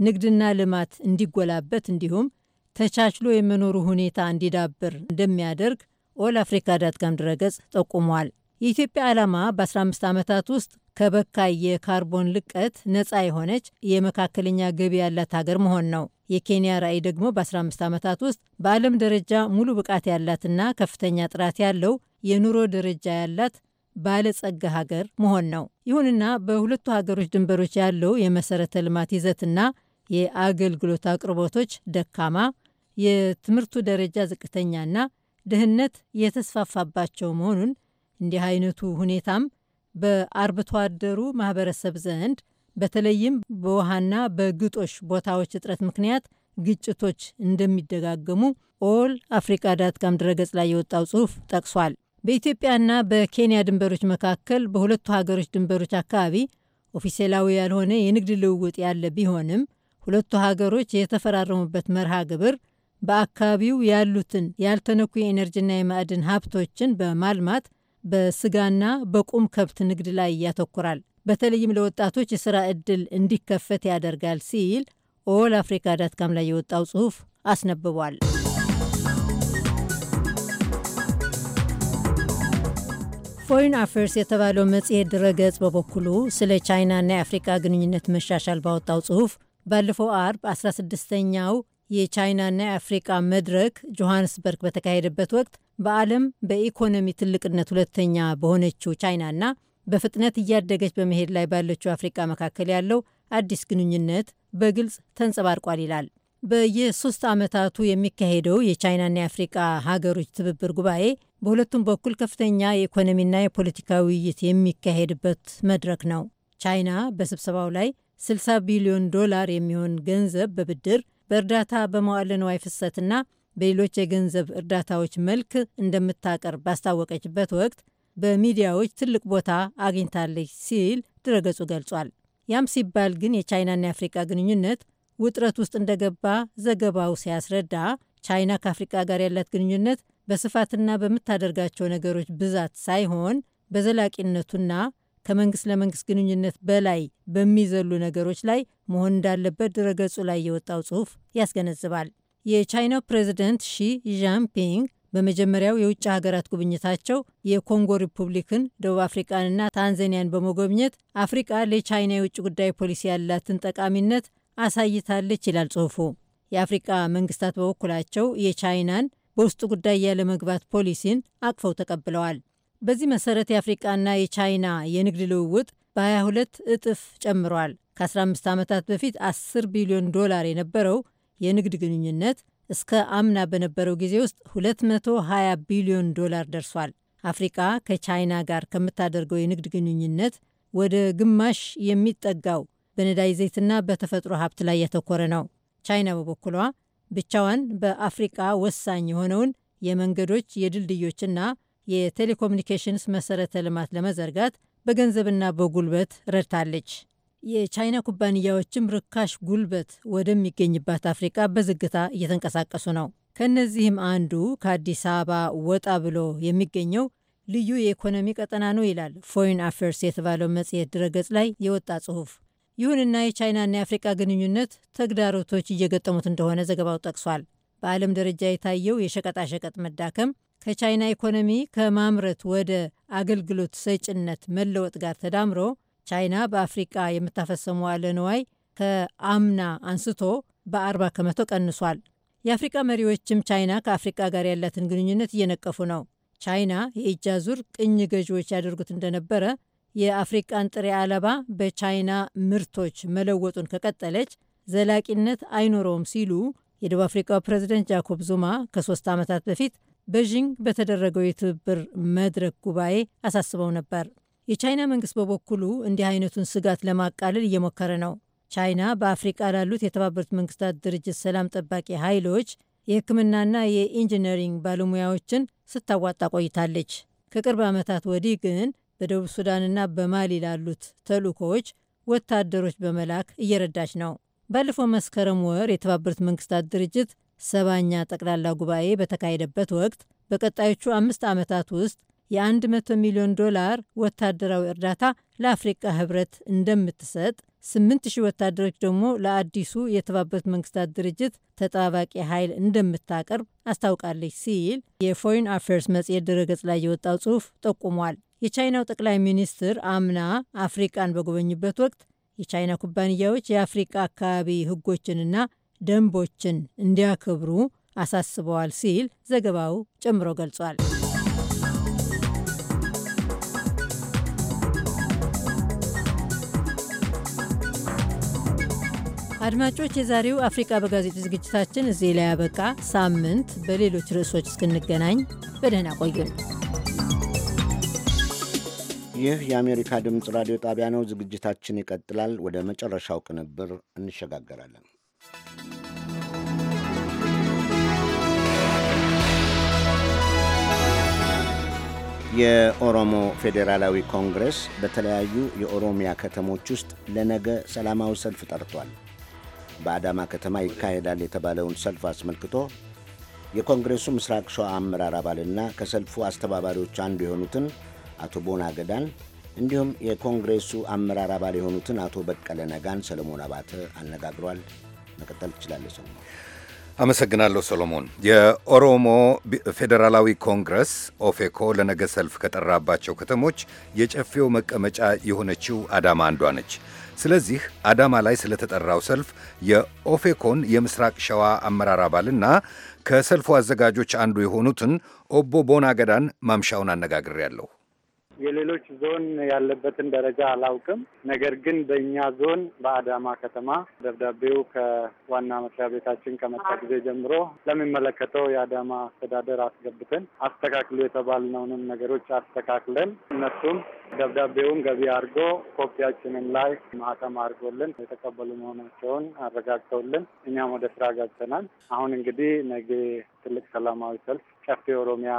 ንግድና ልማት እንዲጎላበት፣ እንዲሁም ተቻችሎ የመኖሩ ሁኔታ እንዲዳብር እንደሚያደርግ ኦል አፍሪካ ዳትካም ድረገጽ ጠቁሟል። የኢትዮጵያ ዓላማ በ15 ዓመታት ውስጥ ከበካይ የካርቦን ልቀት ነፃ የሆነች የመካከለኛ ገቢ ያላት ሀገር መሆን ነው። የኬንያ ራዕይ ደግሞ በ15 ዓመታት ውስጥ በዓለም ደረጃ ሙሉ ብቃት ያላትና ከፍተኛ ጥራት ያለው የኑሮ ደረጃ ያላት ባለጸጋ ሀገር መሆን ነው። ይሁንና በሁለቱ ሀገሮች ድንበሮች ያለው የመሰረተ ልማት ይዘትና የአገልግሎት አቅርቦቶች ደካማ፣ የትምህርቱ ደረጃ ዝቅተኛና ድህነት የተስፋፋባቸው መሆኑን እንዲህ አይነቱ ሁኔታም በአርብቶ አደሩ ማህበረሰብ ዘንድ በተለይም በውሃና በግጦሽ ቦታዎች እጥረት ምክንያት ግጭቶች እንደሚደጋገሙ ኦል አፍሪካ ዳትካም ድረገጽ ላይ የወጣው ጽሑፍ ጠቅሷል። በኢትዮጵያና በኬንያ ድንበሮች መካከል በሁለቱ ሀገሮች ድንበሮች አካባቢ ኦፊሴላዊ ያልሆነ የንግድ ልውውጥ ያለ ቢሆንም ሁለቱ ሀገሮች የተፈራረሙበት መርሃ ግብር በአካባቢው ያሉትን ያልተነኩ የኤነርጂና የማዕድን ሀብቶችን በማልማት በስጋና በቁም ከብት ንግድ ላይ ያተኩራል፣ በተለይም ለወጣቶች የሥራ ዕድል እንዲከፈት ያደርጋል ሲል ኦል አፍሪካ ዳትካም ላይ የወጣው ጽሑፍ አስነብቧል። ፎሪን አፌርስ የተባለው መጽሔት ድረገጽ በበኩሉ ስለ ቻይናና የአፍሪካ ግንኙነት መሻሻል ባወጣው ጽሑፍ ባለፈው አርብ 16ኛው የቻይናና የአፍሪቃ መድረክ ጆሃንስበርግ በተካሄደበት ወቅት በዓለም በኢኮኖሚ ትልቅነት ሁለተኛ በሆነችው ቻይናና በፍጥነት እያደገች በመሄድ ላይ ባለችው አፍሪቃ መካከል ያለው አዲስ ግንኙነት በግልጽ ተንጸባርቋል ይላል። በየሶስት ዓመታቱ የሚካሄደው የቻይናና የአፍሪቃ ሀገሮች ትብብር ጉባኤ በሁለቱም በኩል ከፍተኛ የኢኮኖሚና የፖለቲካ ውይይት የሚካሄድበት መድረክ ነው። ቻይና በስብሰባው ላይ 60 ቢሊዮን ዶላር የሚሆን ገንዘብ በብድር በእርዳታ በመዋለ ንዋይ ፍሰትና በሌሎች የገንዘብ እርዳታዎች መልክ እንደምታቀርብ ባስታወቀችበት ወቅት በሚዲያዎች ትልቅ ቦታ አግኝታለች ሲል ድረገጹ ገልጿል። ያም ሲባል ግን የቻይናና የአፍሪቃ ግንኙነት ውጥረት ውስጥ እንደገባ ዘገባው ሲያስረዳ ቻይና ከአፍሪቃ ጋር ያላት ግንኙነት በስፋትና በምታደርጋቸው ነገሮች ብዛት ሳይሆን በዘላቂነቱና ከመንግስት ለመንግስት ግንኙነት በላይ በሚዘሉ ነገሮች ላይ መሆን እንዳለበት ድረገጹ ላይ የወጣው ጽሑፍ ያስገነዝባል። የቻይናው ፕሬዚደንት ሺ ዣምፒንግ በመጀመሪያው የውጭ ሀገራት ጉብኝታቸው የኮንጎ ሪፑብሊክን፣ ደቡብ አፍሪቃንና ታንዛኒያን በመጎብኘት አፍሪቃ ለቻይና የውጭ ጉዳይ ፖሊሲ ያላትን ጠቃሚነት አሳይታለች ይላል ጽሁፉ። የአፍሪቃ መንግስታት በበኩላቸው የቻይናን በውስጥ ጉዳይ ያለመግባት ፖሊሲን አቅፈው ተቀብለዋል። በዚህ መሰረት የአፍሪቃና የቻይና የንግድ ልውውጥ በ22 እጥፍ ጨምሯል። ከ15 ዓመታት በፊት 10 ቢሊዮን ዶላር የነበረው የንግድ ግንኙነት እስከ አምና በነበረው ጊዜ ውስጥ 220 ቢሊዮን ዶላር ደርሷል። አፍሪቃ ከቻይና ጋር ከምታደርገው የንግድ ግንኙነት ወደ ግማሽ የሚጠጋው በነዳጅ ዘይትና በተፈጥሮ ሀብት ላይ ያተኮረ ነው። ቻይና በበኩሏ ብቻዋን በአፍሪቃ ወሳኝ የሆነውን የመንገዶች የድልድዮችና የቴሌኮሙኒኬሽንስ መሰረተ ልማት ለመዘርጋት በገንዘብና በጉልበት ረድታለች። የቻይና ኩባንያዎችም ርካሽ ጉልበት ወደሚገኝባት አፍሪቃ በዝግታ እየተንቀሳቀሱ ነው። ከእነዚህም አንዱ ከአዲስ አበባ ወጣ ብሎ የሚገኘው ልዩ የኢኮኖሚ ቀጠና ነው ይላል ፎሪን አፌርስ የተባለው መጽሔት ድረገጽ ላይ የወጣ ጽሁፍ። ይሁንና የቻይናና የአፍሪቃ ግንኙነት ተግዳሮቶች እየገጠሙት እንደሆነ ዘገባው ጠቅሷል። በዓለም ደረጃ የታየው የሸቀጣሸቀጥ መዳከም ከቻይና ኢኮኖሚ ከማምረት ወደ አገልግሎት ሰጭነት መለወጥ ጋር ተዳምሮ ቻይና በአፍሪቃ የምታፈሰመው አለ ንዋይ ከአምና አንስቶ በ ከመቶ ቀንሷል። የአፍሪቃ መሪዎችም ቻይና ከአፍሪቃ ጋር ያላትን ግንኙነት እየነቀፉ ነው። ቻይና የእጅ አዙር ቅኝ ገዢዎች ያደርጉት እንደነበረ የአፍሪቃን ጥሬ አለባ በቻይና ምርቶች መለወጡን ከቀጠለች ዘላቂነት አይኖረውም ሲሉ የደቡብ አፍሪካው ፕሬዚደንት ጃኮብ ዙማ ከሶስት ዓመታት በፊት በዥንግ በተደረገው የትብብር መድረክ ጉባኤ አሳስበው ነበር። የቻይና መንግስት በበኩሉ እንዲህ አይነቱን ስጋት ለማቃለል እየሞከረ ነው። ቻይና በአፍሪቃ ላሉት የተባበሩት መንግስታት ድርጅት ሰላም ጠባቂ ኃይሎች የሕክምናና የኢንጂነሪንግ ባለሙያዎችን ስታዋጣ ቆይታለች። ከቅርብ ዓመታት ወዲህ ግን በደቡብ ሱዳንና በማሊ ላሉት ተልእኮዎች ወታደሮች በመላክ እየረዳች ነው። ባለፈው መስከረም ወር የተባበሩት መንግስታት ድርጅት ሰባኛ ጠቅላላ ጉባኤ በተካሄደበት ወቅት በቀጣዮቹ አምስት ዓመታት ውስጥ የ100 ሚሊዮን ዶላር ወታደራዊ እርዳታ ለአፍሪቃ ህብረት እንደምትሰጥ፣ 8ምንት 8000 ወታደሮች ደግሞ ለአዲሱ የተባበሩት መንግስታት ድርጅት ተጠባባቂ ኃይል እንደምታቀርብ አስታውቃለች ሲል የፎሪን አፌርስ መጽሔት ድረገጽ ላይ የወጣው ጽሑፍ ጠቁሟል። የቻይናው ጠቅላይ ሚኒስትር አምና አፍሪቃን በጎበኙበት ወቅት የቻይና ኩባንያዎች የአፍሪቃ አካባቢ ህጎችንና ደንቦችን እንዲያከብሩ አሳስበዋል ሲል ዘገባው ጨምሮ ገልጿል። አድማጮች፣ የዛሬው አፍሪቃ በጋዜጦች ዝግጅታችን እዚህ ላይ ያበቃ። ሳምንት በሌሎች ርዕሶች እስክንገናኝ በደህና ቆዩን። ይህ የአሜሪካ ድምፅ ራዲዮ ጣቢያ ነው። ዝግጅታችን ይቀጥላል። ወደ መጨረሻው ቅንብር እንሸጋገራለን። የኦሮሞ ፌዴራላዊ ኮንግረስ በተለያዩ የኦሮሚያ ከተሞች ውስጥ ለነገ ሰላማዊ ሰልፍ ጠርቷል። በአዳማ ከተማ ይካሄዳል የተባለውን ሰልፍ አስመልክቶ የኮንግሬሱ ምስራቅ ሸዋ አመራር አባልና ከሰልፉ አስተባባሪዎች አንዱ የሆኑትን አቶ ቦና ገዳን እንዲሁም የኮንግሬሱ አመራር አባል የሆኑትን አቶ በቀለ ነጋን ሰለሞን አባተ አነጋግሯል። መቀጠል ትችላለህ ሰለሞን። አመሰግናለሁ ሰሎሞን። የኦሮሞ ፌዴራላዊ ኮንግረስ ኦፌኮ ለነገ ሰልፍ ከጠራባቸው ከተሞች የጨፌው መቀመጫ የሆነችው አዳማ አንዷ ነች። ስለዚህ አዳማ ላይ ስለተጠራው ሰልፍ የኦፌኮን የምስራቅ ሸዋ አመራር አባልና ከሰልፉ አዘጋጆች አንዱ የሆኑትን ኦቦ ቦና ገዳን ማምሻውን አነጋግሬያለሁ። የሌሎች ዞን ያለበትን ደረጃ አላውቅም። ነገር ግን በእኛ ዞን በአዳማ ከተማ ደብዳቤው ከዋና መስሪያ ቤታችን ከመጣ ጊዜ ጀምሮ ለሚመለከተው የአዳማ አስተዳደር አስገብተን አስተካክሉ የተባልነውንም ነገሮች አስተካክለን እነሱም ደብዳቤውን ገቢ አድርጎ ኮፒያችንን ላይ ማህተም አድርጎልን የተቀበሉ መሆናቸውን አረጋግተውልን እኛም ወደ ስራ ገብተናል። አሁን እንግዲህ ነገ ትልቅ ሰላማዊ ሰልፍ ጨፌ ኦሮሚያ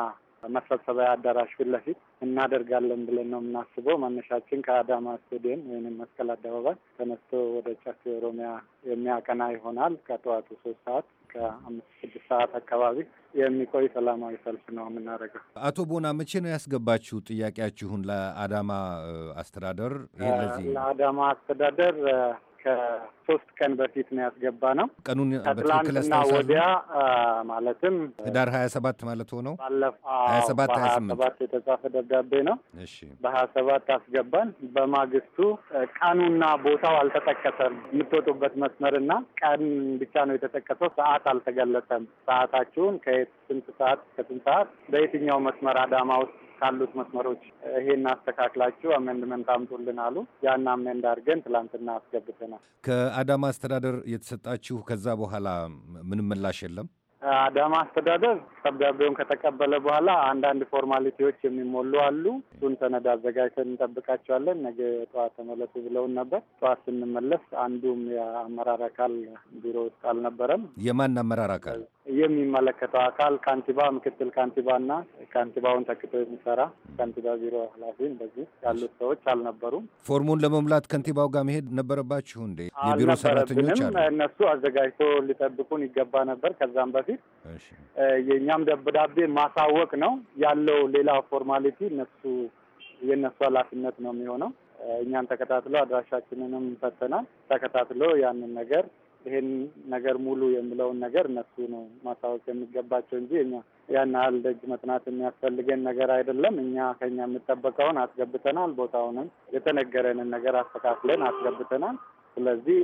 መሰብሰቢያ አዳራሽ ፊት ለፊት እናደርጋለን ብለን ነው የምናስበው። መነሻችን ከአዳማ ስቴዲየም ወይም መስቀል አደባባይ ተነስቶ ወደ ጨፌ ኦሮሚያ የሚያቀና ይሆናል። ከጠዋቱ ሶስት ሰዓት ከአምስት ስድስት ሰዓት አካባቢ የሚቆይ ሰላማዊ ሰልፍ ነው የምናደርገው። አቶ ቦና መቼ ነው ያስገባችሁ ጥያቄያችሁን ለአዳማ አስተዳደር? ለአዳማ አስተዳደር ከሶስት ቀን በፊት ነው ያስገባ ነው። ቀኑን ከትላንትና ወዲያ ማለትም ህዳር ሀያ ሰባት ማለት ሆነው ሀያ ሰባት ሀያ ሰባት የተጻፈ ደብዳቤ ነው። እሺ በሀያ ሰባት አስገባን። በማግስቱ ቀኑና ቦታው አልተጠቀሰም። የምትወጡበት መስመርና ቀን ብቻ ነው የተጠቀሰው። ሰዓት አልተገለጸም። ሰዓታችሁን ከየት ስንት ሰዓት ከስንት ሰዓት በየትኛው መስመር አዳማ ውስጥ ካሉት መስመሮች ይሄን አስተካክላችሁ አሜንድመንት አምጡልን አሉ። ያን አሜንድ አድርገን ትላንትና አስገብተናል። ከአዳማ አስተዳደር የተሰጣችሁ ከዛ በኋላ ምንም ምላሽ የለም? አዳማ አስተዳደር ደብዳቤውን ከተቀበለ በኋላ አንዳንድ ፎርማሊቲዎች የሚሞሉ አሉ። እሱን ሰነድ አዘጋጅተን እንጠብቃቸዋለን። ነገ ጠዋት ተመለሱ ብለውን ነበር። ጠዋት ስንመለስ አንዱም የአመራር አካል ቢሮ ውስጥ አልነበረም። የማን አመራር አካል? የሚመለከተው አካል ካንቲባ፣ ምክትል ካንቲባና ካንቲባውን ተክቶ የሚሰራ ካንቲባ ቢሮ ኃላፊ እንደዚህ ያሉት ሰዎች አልነበሩም። ፎርሙን ለመሙላት ከንቲባው ጋር መሄድ ነበረባችሁ እንዴ? የቢሮ ሰራተኞች አሉ። እነሱ አዘጋጅቶ ሊጠብቁን ይገባ ነበር ከዛም በፊት በፊት የእኛም ደብዳቤ ማሳወቅ ነው ያለው። ሌላ ፎርማሊቲ እነሱ የእነሱ ኃላፊነት ነው የሚሆነው። እኛን ተከታትሎ አድራሻችንንም ፈተናል። ተከታትሎ ያንን ነገር ይሄን ነገር ሙሉ የሚለውን ነገር እነሱ ነው ማሳወቅ የሚገባቸው እንጂ እኛ ያን ያህል ደጅ መጥናት የሚያስፈልገን ነገር አይደለም። እኛ ከኛ የሚጠበቀውን አስገብተናል። ቦታውንም የተነገረንን ነገር አስተካክለን አስገብተናል። ስለዚህ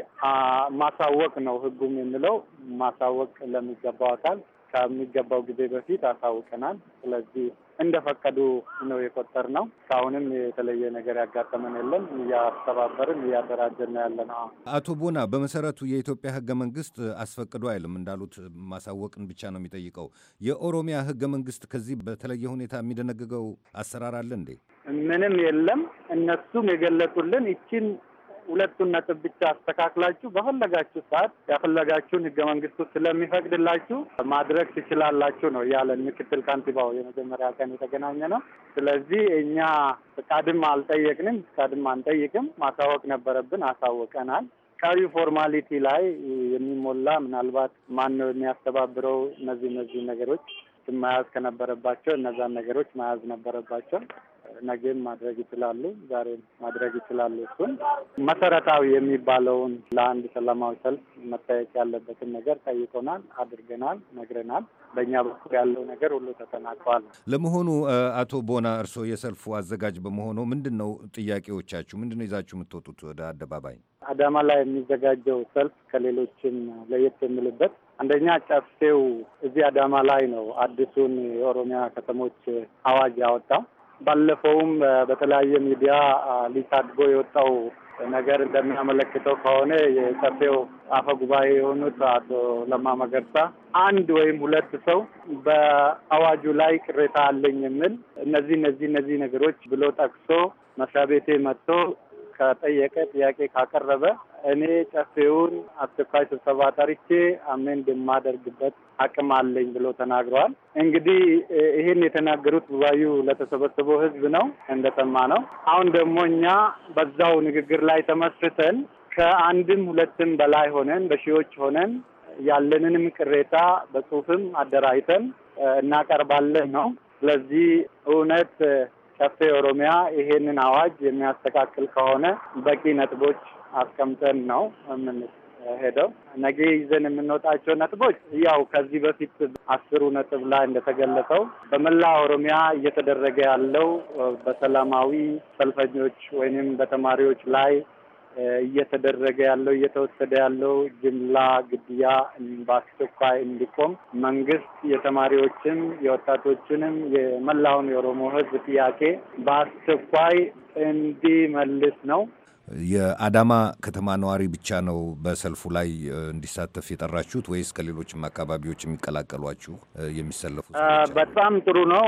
ማሳወቅ ነው ህጉም የሚለው ማሳወቅ ለሚገባው አካል ከሚገባው ጊዜ በፊት አሳውቀናል። ስለዚህ እንደፈቀዱ ነው የቆጠር ነው። እስካሁንም የተለየ ነገር ያጋጠመን የለም። እያስተባበርን እያደራጀን ነው ያለ ነው። አቶ ቦና፣ በመሰረቱ የኢትዮጵያ ህገ መንግስት አስፈቅዶ አይልም። እንዳሉት ማሳወቅን ብቻ ነው የሚጠይቀው። የኦሮሚያ ህገ መንግስት ከዚህ በተለየ ሁኔታ የሚደነግገው አሰራር አለ እንዴ? ምንም የለም። እነሱም የገለጡልን ይችን ሁለቱን ነጥብ ብቻ አስተካክላችሁ በፈለጋችሁ ሰዓት ያፈለጋችሁን ህገ መንግስቱ ስለሚፈቅድላችሁ ማድረግ ትችላላችሁ ነው ያለን ምክትል ከንቲባው። የመጀመሪያ ቀን የተገናኘ ነው። ስለዚህ እኛ ፍቃድም አልጠየቅንም፣ ፍቃድም አንጠይቅም። ማሳወቅ ነበረብን፣ አሳወቀናል። ቀሪ ፎርማሊቲ ላይ የሚሞላ ምናልባት ማን ነው የሚያስተባብረው እነዚህ እነዚህ ነገሮች መያዝ ከነበረባቸው እነዛን ነገሮች መያዝ ነበረባቸው። ነገም ማድረግ ይችላሉ፣ ዛሬም ማድረግ ይችላሉ። እሱን መሰረታዊ የሚባለውን ለአንድ ሰላማዊ ሰልፍ መጠየቅ ያለበትን ነገር ጠይቆናል፣ አድርገናል፣ ነግረናል። በእኛ በኩል ያለው ነገር ሁሉ ተጠናቀዋል። ለመሆኑ አቶ ቦና እርስዎ የሰልፉ አዘጋጅ በመሆኑ ምንድን ነው ጥያቄዎቻችሁ? ምንድን ነው ይዛችሁ የምትወጡት ወደ አደባባይ? አዳማ ላይ የሚዘጋጀው ሰልፍ ከሌሎችም ለየት የሚልበት አንደኛ ጨፌው እዚህ አዳማ ላይ ነው አዲሱን የኦሮሚያ ከተሞች አዋጅ ያወጣው። ባለፈውም በተለያየ ሚዲያ ሊታድጎ የወጣው ነገር እንደሚያመለክተው ከሆነ የጨፌው አፈ ጉባኤ የሆኑት አቶ ለማ መገርሳ አንድ ወይም ሁለት ሰው በአዋጁ ላይ ቅሬታ አለኝ የሚል እነዚህ እነዚህ እነዚህ ነገሮች ብሎ ጠቅሶ መስሪያ ቤቴ መጥቶ ከጠየቀ ጥያቄ ካቀረበ እኔ ጨፌውን አስቸኳይ ስብሰባ ጠርቼ አሜን እንደማደርግበት አቅም አለኝ ብሎ ተናግረዋል። እንግዲህ ይህን የተናገሩት ጉባኤ ለተሰበሰበው ህዝብ ነው እንደሰማ ነው። አሁን ደግሞ እኛ በዛው ንግግር ላይ ተመስርተን ከአንድም ሁለትም በላይ ሆነን በሺዎች ሆነን ያለንንም ቅሬታ በጽሁፍም አደራጅተን እናቀርባለን ነው። ስለዚህ እውነት ጨፌ ኦሮሚያ ይሄንን አዋጅ የሚያስተካክል ከሆነ በቂ ነጥቦች አስቀምጠን ነው የምንሄደው። ነገ ይዘን የምንወጣቸው ነጥቦች ያው ከዚህ በፊት አስሩ ነጥብ ላይ እንደተገለጸው በመላ ኦሮሚያ እየተደረገ ያለው በሰላማዊ ሰልፈኞች ወይም በተማሪዎች ላይ እየተደረገ ያለው እየተወሰደ ያለው ጅምላ ግድያ በአስቸኳይ እንዲቆም መንግስት የተማሪዎችን የወጣቶችንም የመላውን የኦሮሞ ሕዝብ ጥያቄ በአስቸኳይ እንዲመልስ ነው። የአዳማ ከተማ ነዋሪ ብቻ ነው በሰልፉ ላይ እንዲሳተፍ የጠራችሁት ወይስ ከሌሎችም አካባቢዎች የሚቀላቀሏችሁ የሚሰለፉ? በጣም ጥሩ ነው።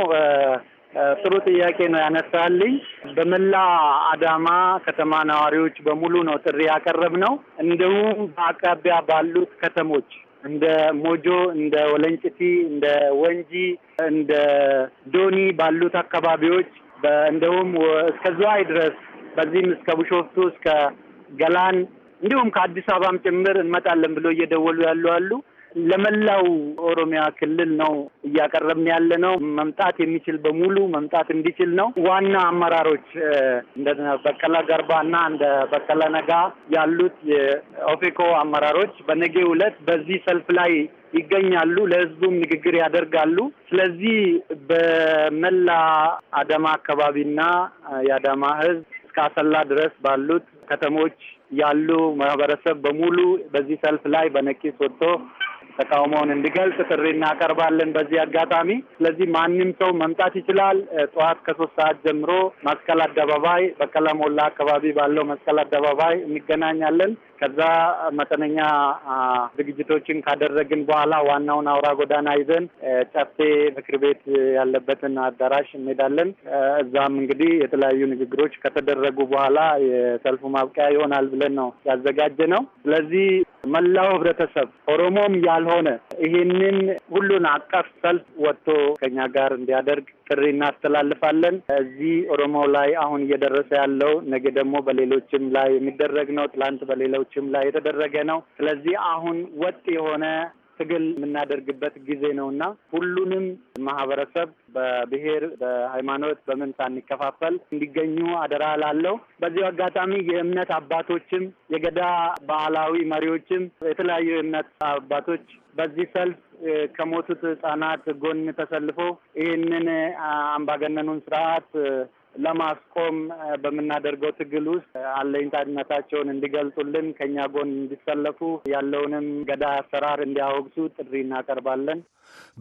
ጥሩ ጥያቄ ነው ያነሳልኝ። በመላ አዳማ ከተማ ነዋሪዎች በሙሉ ነው ጥሪ ያቀረብ ነው። እንደውም በአቅራቢያ ባሉት ከተሞች እንደ ሞጆ፣ እንደ ወለንጭቲ፣ እንደ ወንጂ፣ እንደ ዶኒ ባሉት አካባቢዎች እንደውም እስከ ዝዋይ ድረስ በዚህም እስከ ቡሾፍቱ እስከ ገላን እንዲሁም ከአዲስ አበባም ጭምር እንመጣለን ብሎ እየደወሉ ያሉ አሉ። ለመላው ኦሮሚያ ክልል ነው እያቀረብን ያለ ነው። መምጣት የሚችል በሙሉ መምጣት እንዲችል ነው። ዋና አመራሮች እንደ በቀለ ገርባ እና እንደ በቀለ ነጋ ያሉት የኦፌኮ አመራሮች በነጌ ዕለት በዚህ ሰልፍ ላይ ይገኛሉ። ለህዝቡም ንግግር ያደርጋሉ። ስለዚህ በመላ አዳማ አካባቢና የአዳማ ህዝብ። እስከ አሰላ ድረስ ባሉት ከተሞች ያሉ ማህበረሰብ በሙሉ በዚህ ሰልፍ ላይ በነቂስ ወጥቶ ተቃውሞውን እንዲገልጽ ጥሪ እናቀርባለን በዚህ አጋጣሚ። ስለዚህ ማንም ሰው መምጣት ይችላል። ጠዋት ከሶስት ሰዓት ጀምሮ መስቀል አደባባይ በቀላ ሞላ አካባቢ ባለው መስቀል አደባባይ እንገናኛለን። ከዛ መጠነኛ ዝግጅቶችን ካደረግን በኋላ ዋናውን አውራ ጎዳና ይዘን ጨፌ ምክር ቤት ያለበትን አዳራሽ እንሄዳለን። እዛም እንግዲህ የተለያዩ ንግግሮች ከተደረጉ በኋላ የሰልፉ ማብቂያ ይሆናል ብለን ነው ያዘጋጀ ነው። ስለዚህ መላው ህብረተሰብ ኦሮሞም ያልሆነ ይሄንን ሁሉን አቀፍ ሰልፍ ወጥቶ ከኛ ጋር እንዲያደርግ ጥሪ እናስተላልፋለን። እዚህ ኦሮሞ ላይ አሁን እየደረሰ ያለው ነገ ደግሞ በሌሎችም ላይ የሚደረግ ነው። ትላንት በሌሎች ሰዎችም ላይ የተደረገ ነው። ስለዚህ አሁን ወጥ የሆነ ትግል የምናደርግበት ጊዜ ነው እና ሁሉንም ማህበረሰብ በብሔር፣ በሃይማኖት፣ በምን ሳንከፋፈል እንዲገኙ አደራ ላለው። በዚሁ አጋጣሚ የእምነት አባቶችም የገዳ ባህላዊ መሪዎችም የተለያዩ የእምነት አባቶች በዚህ ሰልፍ ከሞቱት ህጻናት ጎን ተሰልፎ ይህንን አምባገነኑን ስርዓት ለማስቆም በምናደርገው ትግል ውስጥ አለኝታነታቸውን እንዲገልጹልን፣ ከእኛ ጎን እንዲሰለፉ፣ ያለውንም ገዳይ አሰራር እንዲያወግዙ ጥሪ እናቀርባለን።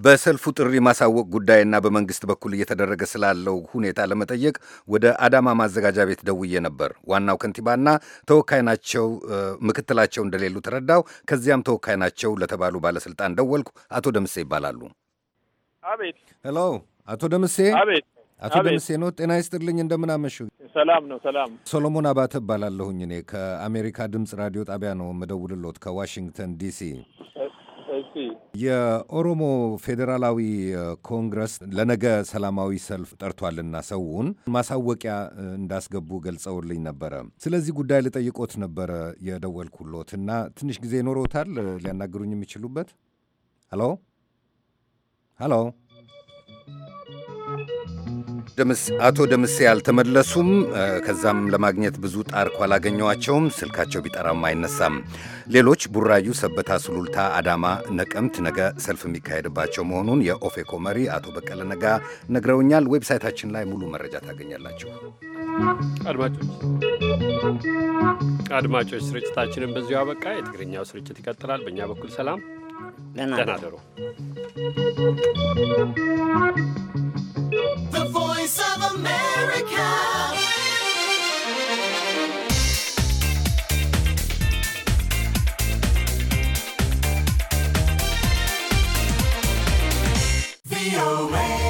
በሰልፉ ጥሪ ማሳወቅ ጉዳይና በመንግስት በኩል እየተደረገ ስላለው ሁኔታ ለመጠየቅ ወደ አዳማ ማዘጋጃ ቤት ደውዬ ነበር። ዋናው ከንቲባና ተወካይ ናቸው ምክትላቸው እንደሌሉ ተረዳው። ከዚያም ተወካይ ናቸው ለተባሉ ባለስልጣን ደወልኩ። አቶ ደምሴ ይባላሉ። አቤት። ሄሎ፣ አቶ ደምሴ። አቤት አቶ ነው። ጤና ይስጥልኝ፣ እንደምናመሹ። ሰላም ነው። ሰላም ሶሎሞን አባተ እባላለሁኝ። እኔ ከአሜሪካ ድምፅ ራዲዮ ጣቢያ ነው መደውልሎት ከዋሽንግተን ዲሲ። የኦሮሞ ፌዴራላዊ ኮንግረስ ለነገ ሰላማዊ ሰልፍ ጠርቷልና ሰውን ማሳወቂያ እንዳስገቡ ገልጸውልኝ ነበረ። ስለዚህ ጉዳይ ልጠይቆት ነበረ የደወልኩሎት እና ትንሽ ጊዜ ይኖረውታል ሊያናግሩኝ የሚችሉበት? ሀሎ ሀሎ አቶ ደምሴ አልተመለሱም። ከዛም ለማግኘት ብዙ ጣርኩ፣ አላገኘዋቸውም። ስልካቸው ቢጠራም አይነሳም። ሌሎች ቡራዩ፣ ሰበታ፣ ሱሉልታ፣ አዳማ፣ ነቀምት ነገ ሰልፍ የሚካሄድባቸው መሆኑን የኦፌኮ መሪ አቶ በቀለ ነጋ ነግረውኛል። ዌብሳይታችን ላይ ሙሉ መረጃ ታገኛላችሁ። አድማጮች፣ ስርጭታችንን በዚሁ አበቃ። የትግርኛው ስርጭት ይቀጥላል። በእኛ በኩል ሰላም፣ ደህና ደሩ። Voice of America. VOA.